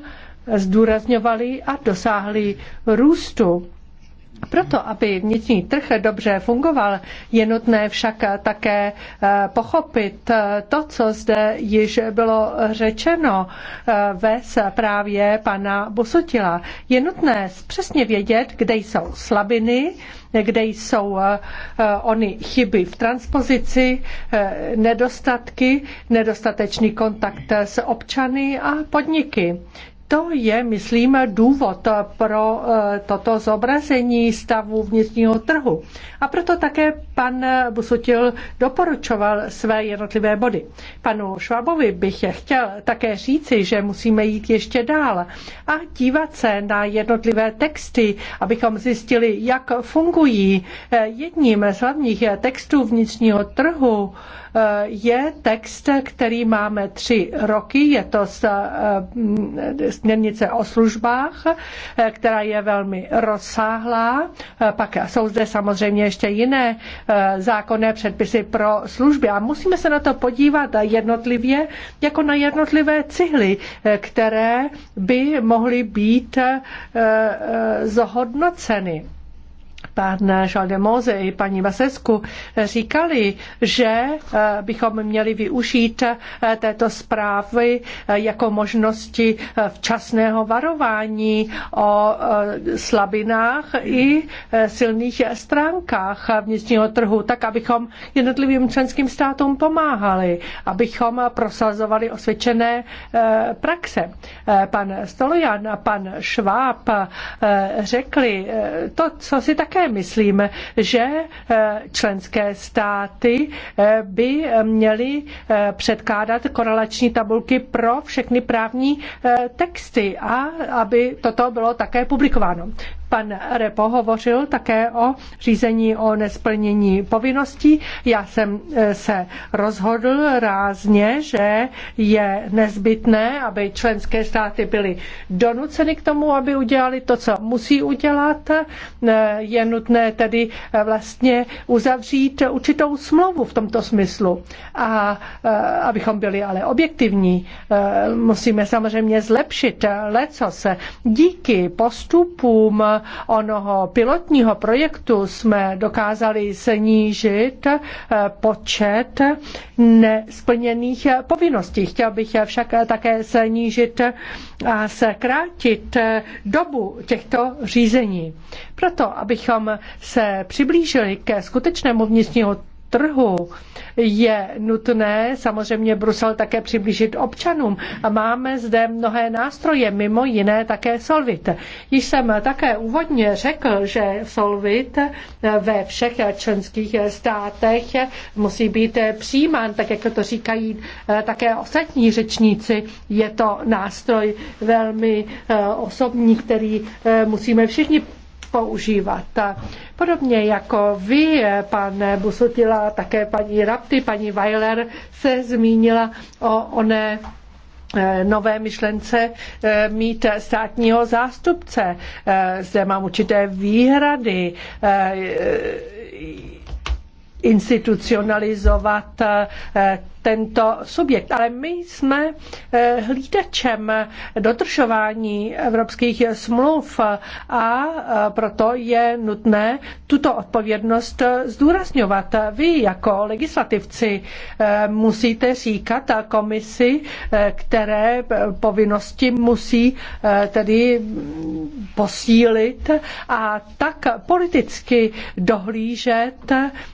zdůrazňovali a dosáhli růstu. Proto, aby vnitřní trh dobře fungoval, je nutné však také eh, pochopit eh, to, co zde již bylo řečeno eh, ve zprávě pana Busutila. Je nutné přesně vědět, kde jsou slabiny, kde jsou ony chyby v transpozici, nedostatky, nedostatečný kontakt s občany a podniky. To je, myslím, důvod pro eh, toto zobrazení stavu vnitřního trhu. A proto také pan Busutil doporučoval své jednotlivé body. Panu Švábovi bych chtěl také říci, že musíme jít ještě dál a dívat se na jednotlivé texty, abychom zjistili, jak fungují. Eh, jedním z hlavních textů vnitřního trhu Eh, je text, který máme tři roky, je to z eh, směrnice o službách, eh, která je velmi rozsáhlá. Pak jsou zde samozřejmě ještě jiné zákonné předpisy pro služby a musíme se na to podívat jednotlivě jako na jednotlivé cihly, které by mohly být zhodnoceny. Pan Žaldemose i paní Vasesku říkali, že eh, bychom měli využít eh, této zprávy eh, jako možnosti včasného varování o slabinách i silných stránkách vnitřního trhu, tak abychom jednotlivým členským státům pomáhali, abychom prosazovali osvědčené praxe. Pan Stolojan a pan Šváb řekli to, co si také myslím, že eh, členské státy eh, by měly eh, předkládat korelační tabulky pro všechny právní texty a aby toto bylo také publikováno. Pan Repo hovořil také o řízení o nesplnění povinností. Já jsem se rozhodl rázně, že je nezbytné, aby členské státy byly donuceny k tomu, aby udělali to, co musí udělat. Jen nutné tedy eh, vlastně uzavřít určitou smlouvu v tomto smyslu. A eh, abychom byli ale objektivní, eh, musíme samozřejmě zlepšit lecos. Díky postupům onoho pilotního projektu jsme dokázali snížit počet nesplněných povinností. Chtěl bych však také snížit a zkrátit dobu těchto řízení. Proto, abychom se přiblížili ke skutečnému vnitřního trhu je nutné samozřejmě Brusel také přiblížit občanům. A máme zde mnohé nástroje, mimo jiné také Solvit. Již jsem také úvodně řekl, že Solvit ve všech členských státech musí být přijímán, tak jak to říkají také ostatní řečníci. Je to nástroj velmi osobní, který musíme všichni používat. Podobně jako vy, eh, pan Busutila, také paní Rapty, paní Weiler se zmínila o oné eh, nové myšlence eh, mít státního zástupce. Zde mám určité výhrady institucionalizovat tento subjekt. Ale my jsme eh, hlídačem dodržování evropských smluv a eh, proto je nutné tuto odpovědnost zdůrazňovat. Vy jako legislativci eh, musíte říkat komisi, které povinnosti musí tedy posílit a tak politicky dohlížet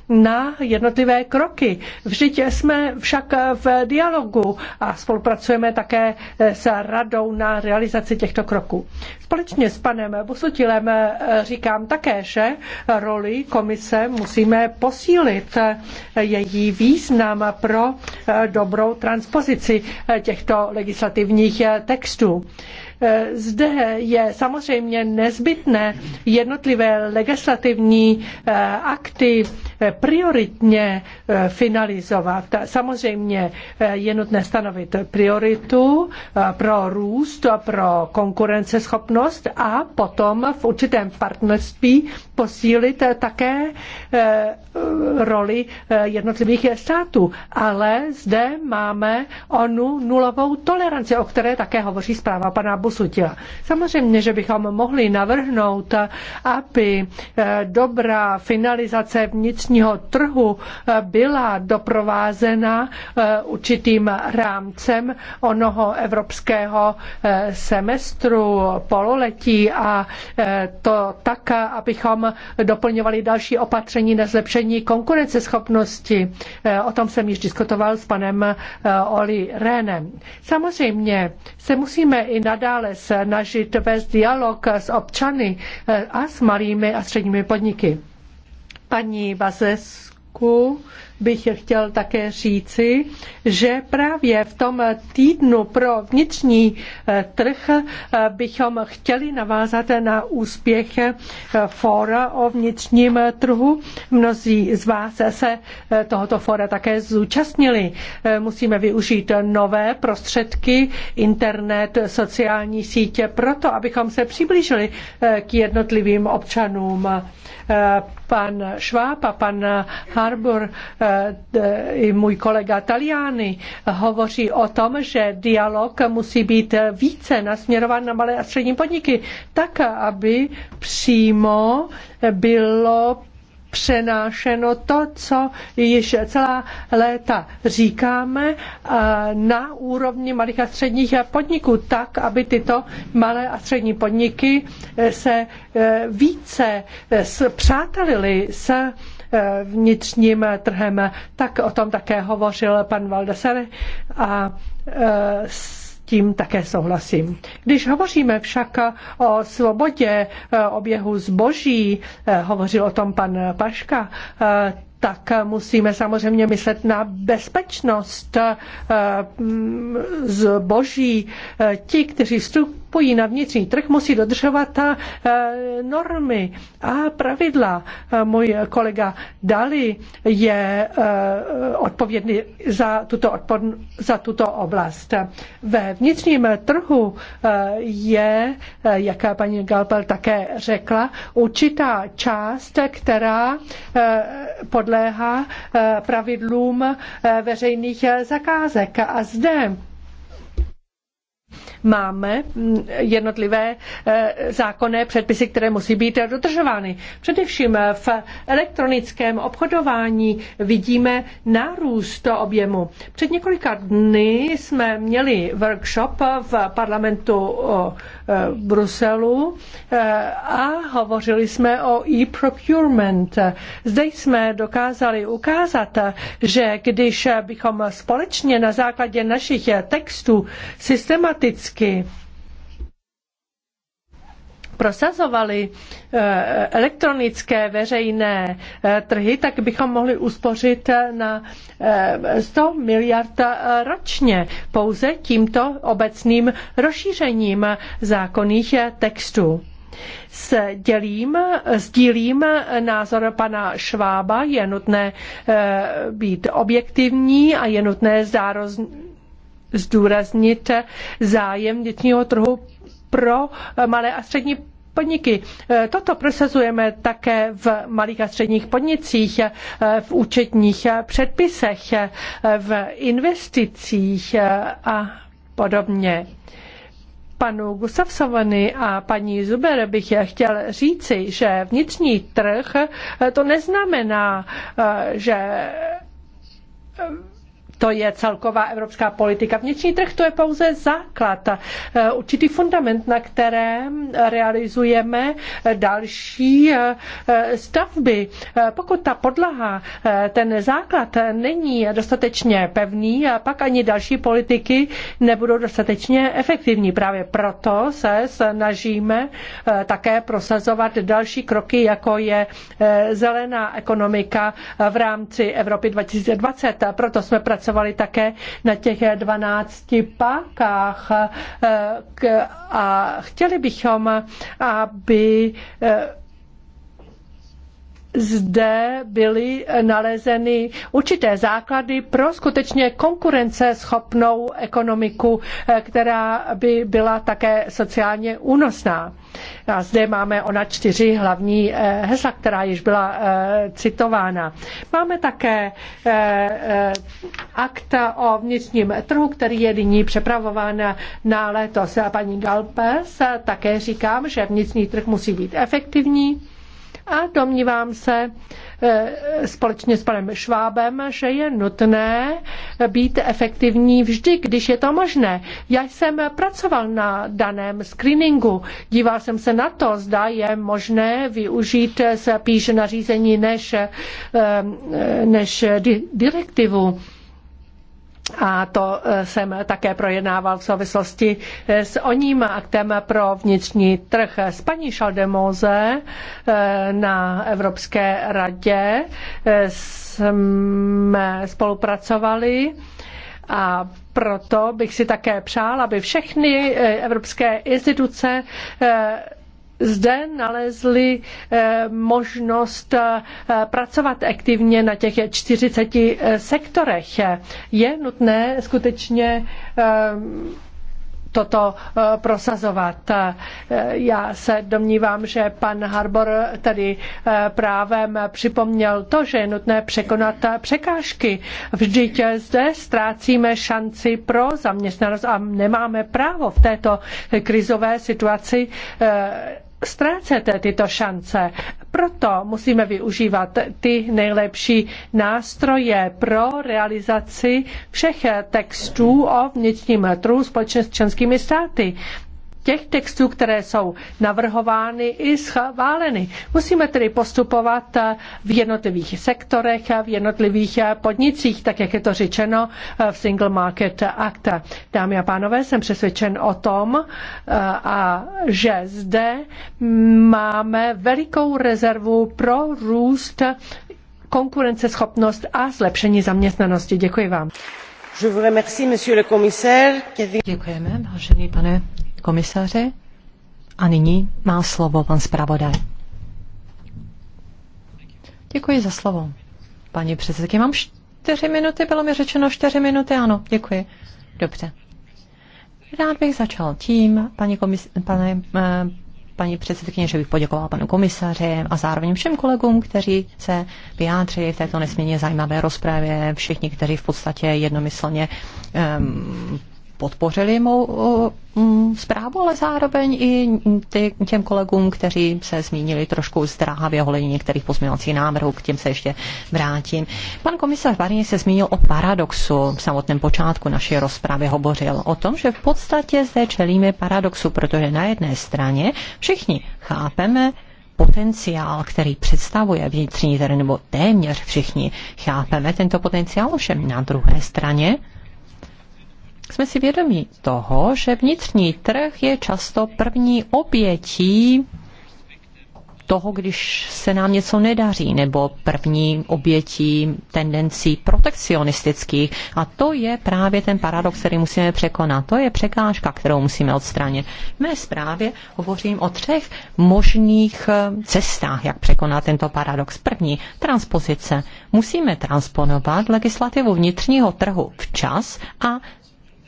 na jednotlivé kroky. Vždyť jsme však tak v dialogu a spolupracujeme také s radou na realizaci těchto kroků. Společně s panem Busutilem říkám také, že roli komise musíme posílit její význam pro dobrou transpozici těchto legislativních textů. Eh, zde je samozřejmě nezbytné jednotlivé legislativní eh, akty eh, prioritně finalizovat. Samozřejmě je nutné stanovit prioritu pro růst, pro konkurenceschopnost a potom v určitém partnerství posílit také roli jednotlivých států. Ale zde máme onu nulovou toleranci, o které také hovoří zpráva pana Busu doposud. Samozřejmě, že bychom mohli navrhnout, aby eh, dobrá finalizace vnitřního trhu eh, byla doprovázena eh, určitým rámcem onoho evropského semestru, pololetí a to tak, abychom doplňovali další opatření na zlepšení konkurenceschopnosti. O tom jsem již diskutoval s panem Oli Rénem. Samozřejmě se musíme i nadále dále snažit vést dialog s občany eh, a s malými a středními podniky. Paní Bazesku bych chtěl také říci, že právě v tom týdnu pro vnitřní eh, trh eh, bychom chtěli navázat na úspěch eh, fóra o vnitřním trhu. Mnozí z vás se tohoto fóra také zúčastnili. Musíme využít nové prostředky, internet, sociální sítě, proto, abychom se přiblížili k jednotlivým občanům. Pan Šváb a pan Harbour i můj kolega Taliani hovoří o tom, že dialog musí být více nasměrován na malé a střední podniky, tak, aby přímo bylo přenášeno to, co již celá léta říkáme na úrovni malých a středních podniků, tak, aby tyto malé a střední podniky se e, více přátelili s vnitřním trhem. Tak o tom také hovořil pan Valdesary a e, s tím také souhlasím. Když hovoříme však o svobodě e, oběhu zboží, e, hovořil o tom pan Paška, tak musíme samozřejmě myslet na bezpečnost zboží. Ti, kteří vstupují na vnitřní trh, musí dodržovat eh, normy a pravidla. Eh, můj kolega Dali je eh, odpovědný za tuto, odpo- za tuto oblast. Ve vnitřním trhu je, jaká paní Galpel také řekla, určitá část, která podléhá pravidlům veřejných zakázek. A zde máme mm, jednotlivé eh, zákonné předpisy, které musí být dodržovány. Především v elektronickém obchodování vidíme nárůst objemu. Před několika dny jsme měli workshop v parlamentu eh, Bruselu eh, a hovořili jsme o e-procurement. Zde jsme dokázali ukázat, že když bychom společně na základě našich textů systematicky vždycky prosazovali eh, elektronické veřejné eh, trhy, tak bychom mohli uspořit eh, na 100 miliard ročně pouze tímto obecným rozšířením zákonných textů. dělím, sdílím názor pana Švába, je nutné být objektivní a je nutné zároveň zdůraznit zájem vnitřního trhu pro malé a střední podniky. Toto prosazujeme také v malých a středních podnicích, v účetních předpisech, v investicích a podobně panu Gustavsovany a paní Zuber bych chtěl říci, že vnitřní trh to neznamená, že to je celková evropská politika. Vnitřní trh to je pouze základ, eh, určitý fundament, na kterém realizujeme eh, další eh, stavby. Pokud ta podlaha, ten základ není dostatečně pevný, pak ani další politiky nebudou dostatečně efektivní. Právě proto se snažíme také prosazovat další kroky, jako je zelená ekonomika v rámci Evropy 2020. Proto jsme pracovali pracovali také na těch 12 pákách eh, a chtěli bychom, aby eh, zde byly nalezeny určité základy pro skutečně konkurenceschopnou ekonomiku, eh, která by byla také sociálně únosná. A zde máme ona čtyři hlavní eh, hesla, která již byla eh, citována. Máme také akta o vnitřním trhu, který je nyní přepravován na letos. Paní Galpes také říkám, že vnitřní trh musí být efektivní a domnívám se eh, společně s panem Švábem, že je nutné být efektivní vždy, když je to možné. Já jsem pracoval na daném screeningu, díval jsem se na to, zda je možné využít spíš nařízení než, eh, než direktivu a to eh, jsem také projednával v souvislosti eh, s oním aktem pro vnitřní trh. S paní Šaldemoze eh, na Evropské radě jsme spolupracovali a proto bych si také přál, aby všechny evropské instituce zde nalezli eh, možnost eh, pracovat aktivně na těch 40 eh, sektorech. Je nutné skutečně toto prosazovat. Já se domnívám, že pan Harbor tady právem připomněl to, že je nutné překonat překážky. Vždyť zde ztrácíme šanci pro zaměstnanost a nemáme právo v této krizové situaci ztrácete tyto šance. Proto musíme využívat ty nejlepší nástroje pro realizaci všech textů o vnitřním trhu společně s členskými státy těch textů, které jsou navrhovány i schváleny. Musíme tedy postupovat eh, v jednotlivých sektorech a eh, v jednotlivých eh, podnicích, tak jak je to řečeno v Single Market Act. Dámy a pánové, jsem přesvědčen o tom, a že zde máme velikou rezervu pro růst konkurenceschopnost a zlepšení zaměstnanosti. Děkuji vám. Děkujeme, vážený pane komisaře. A nyní má slovo pan zpravodaj. Děkuji za slovo. Paní předsedky, mám čtyři minuty, bylo mi řečeno čtyři minuty, ano, děkuji. Dobře. Rád bych začal tím, paní, komis, pane, eh, paní předsedkyně, že bych poděkoval panu komisaři a zároveň všem kolegům, kteří se vyjádřili v této nesmírně zajímavé rozprávě, všichni, kteří v podstatě jednomyslně um, podpořili mou mm, zprávu, ale zároveň i ty, těm kolegům, kteří se zmínili trošku zdráhavě ohledně některých pozměňovacích návrhů, k těm se ještě vrátím. Pan komisař Varně se zmínil o paradoxu. V samotném počátku naší rozpravy hovořil o tom, že v podstatě zde čelíme paradoxu, protože na jedné straně všichni chápeme, potenciál, který představuje vnitřní trh, nebo téměř všichni chápeme tento potenciál, ovšem na druhé straně jsme si vědomí toho, že vnitřní trh je často první obětí toho, když se nám něco nedaří, nebo první obětí tendencí protekcionistických. A to je právě ten paradox, který musíme překonat. To je překážka, kterou musíme odstranit. V mé zprávě hovořím o třech možných eh, cestách, jak překonat tento paradox. První, transpozice. Musíme transponovat legislativu vnitřního trhu včas a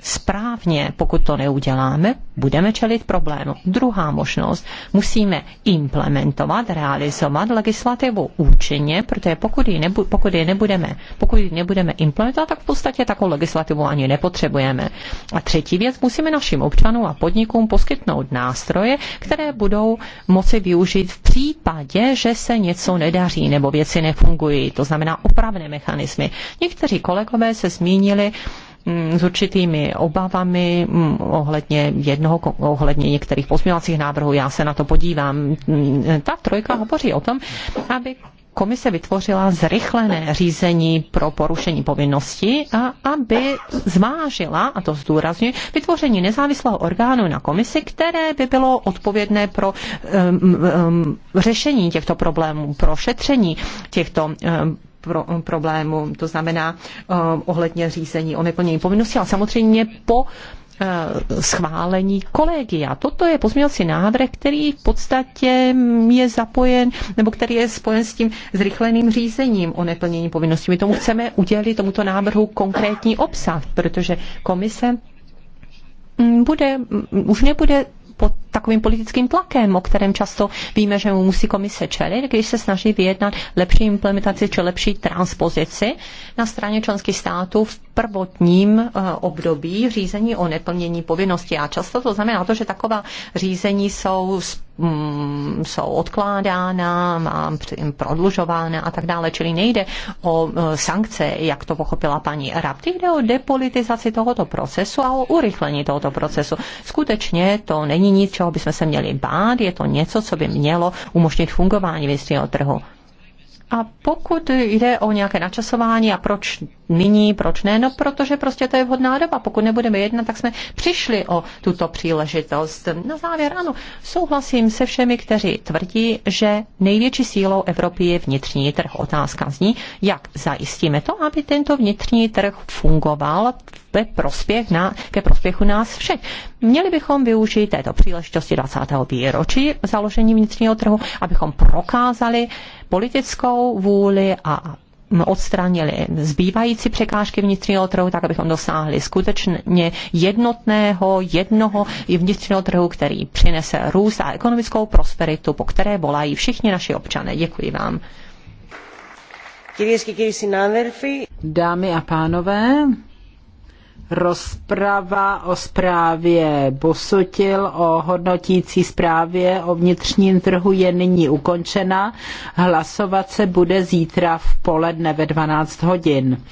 správně, pokud to neuděláme, budeme čelit problému. Druhá možnost, musíme implementovat, realizovat legislativu účinně, protože pokud ji, nebu, pokud ji, nebudeme, pokud ji nebudeme implementovat, tak v podstatě takovou legislativu ani nepotřebujeme. A třetí věc, musíme našim občanům a podnikům poskytnout nástroje, které budou moci využít v případě, že se něco nedaří nebo věci nefungují. To znamená opravné mechanismy. Někteří kolegové se zmínili Mm, s určitými obavami mm, ohledně jednoho, ohledně některých pozměňovacích návrhů. Já se na to podívám. Mm, ta trojka hovoří o tom, aby komise vytvořila zrychlené řízení pro porušení povinnosti a aby zvážila, a to zdůrazňuji, vytvoření nezávislého orgánu na komisi, které by bylo odpovědné pro um, um, řešení těchto problémů, pro šetření těchto um, pro, problému, to znamená eh, ohledně řízení o neplnění povinnosti, ale samozřejmě po eh, schválení kolegia. Toto je pozměňovací návrh, který v podstatě je zapojen, nebo který je spojen s tím zrychleným řízením o neplnění povinností. My tomu chceme udělit tomuto návrhu konkrétní obsah, protože komise mm, bude, mm, už nebude pod takovým politickým tlakem, o kterém často víme, že mu musí komise čelit, když se snaží vyjednat lepší implementaci či lepší transpozici na straně členských států v prvotním eh, období řízení o neplnění povinnosti. A často to znamená to, že taková řízení jsou z Mm, jsou odkládána, prodlužována a tak dále. Čili nejde o e, sankce, jak to pochopila paní Rapti, jde o depolitizaci tohoto procesu a o urychlení tohoto procesu. Skutečně to není nic, čeho bychom se měli bát, je to něco, co by mělo umožnit fungování vnitřního trhu. A pokud jde o nějaké načasování a proč nyní, proč ne, no protože prostě to je vhodná doba. Pokud nebudeme jednat, tak jsme přišli o tuto příležitost. Na závěr, ano, souhlasím se všemi, kteří tvrdí, že největší sílou Evropy je vnitřní trh. Otázka zní, jak zajistíme to, aby tento vnitřní trh fungoval ve prospěch na, ke prospěchu nás všech. Měli bychom využít této příležitosti 20. výročí založení vnitřního trhu, abychom prokázali politickou vůli a odstranili zbývající překážky vnitřního trhu, tak abychom dosáhli skutečně jednotného, jednoho vnitřního trhu, který přinese růst a ekonomickou prosperitu, po které volají všichni naši občané. Děkuji vám. Dámy a pánové, rozprava o zprávě Busutil, o hodnotící zprávě o vnitřním trhu je nyní ukončena. Hlasovat se bude zítra v poledne ve 12 hodin.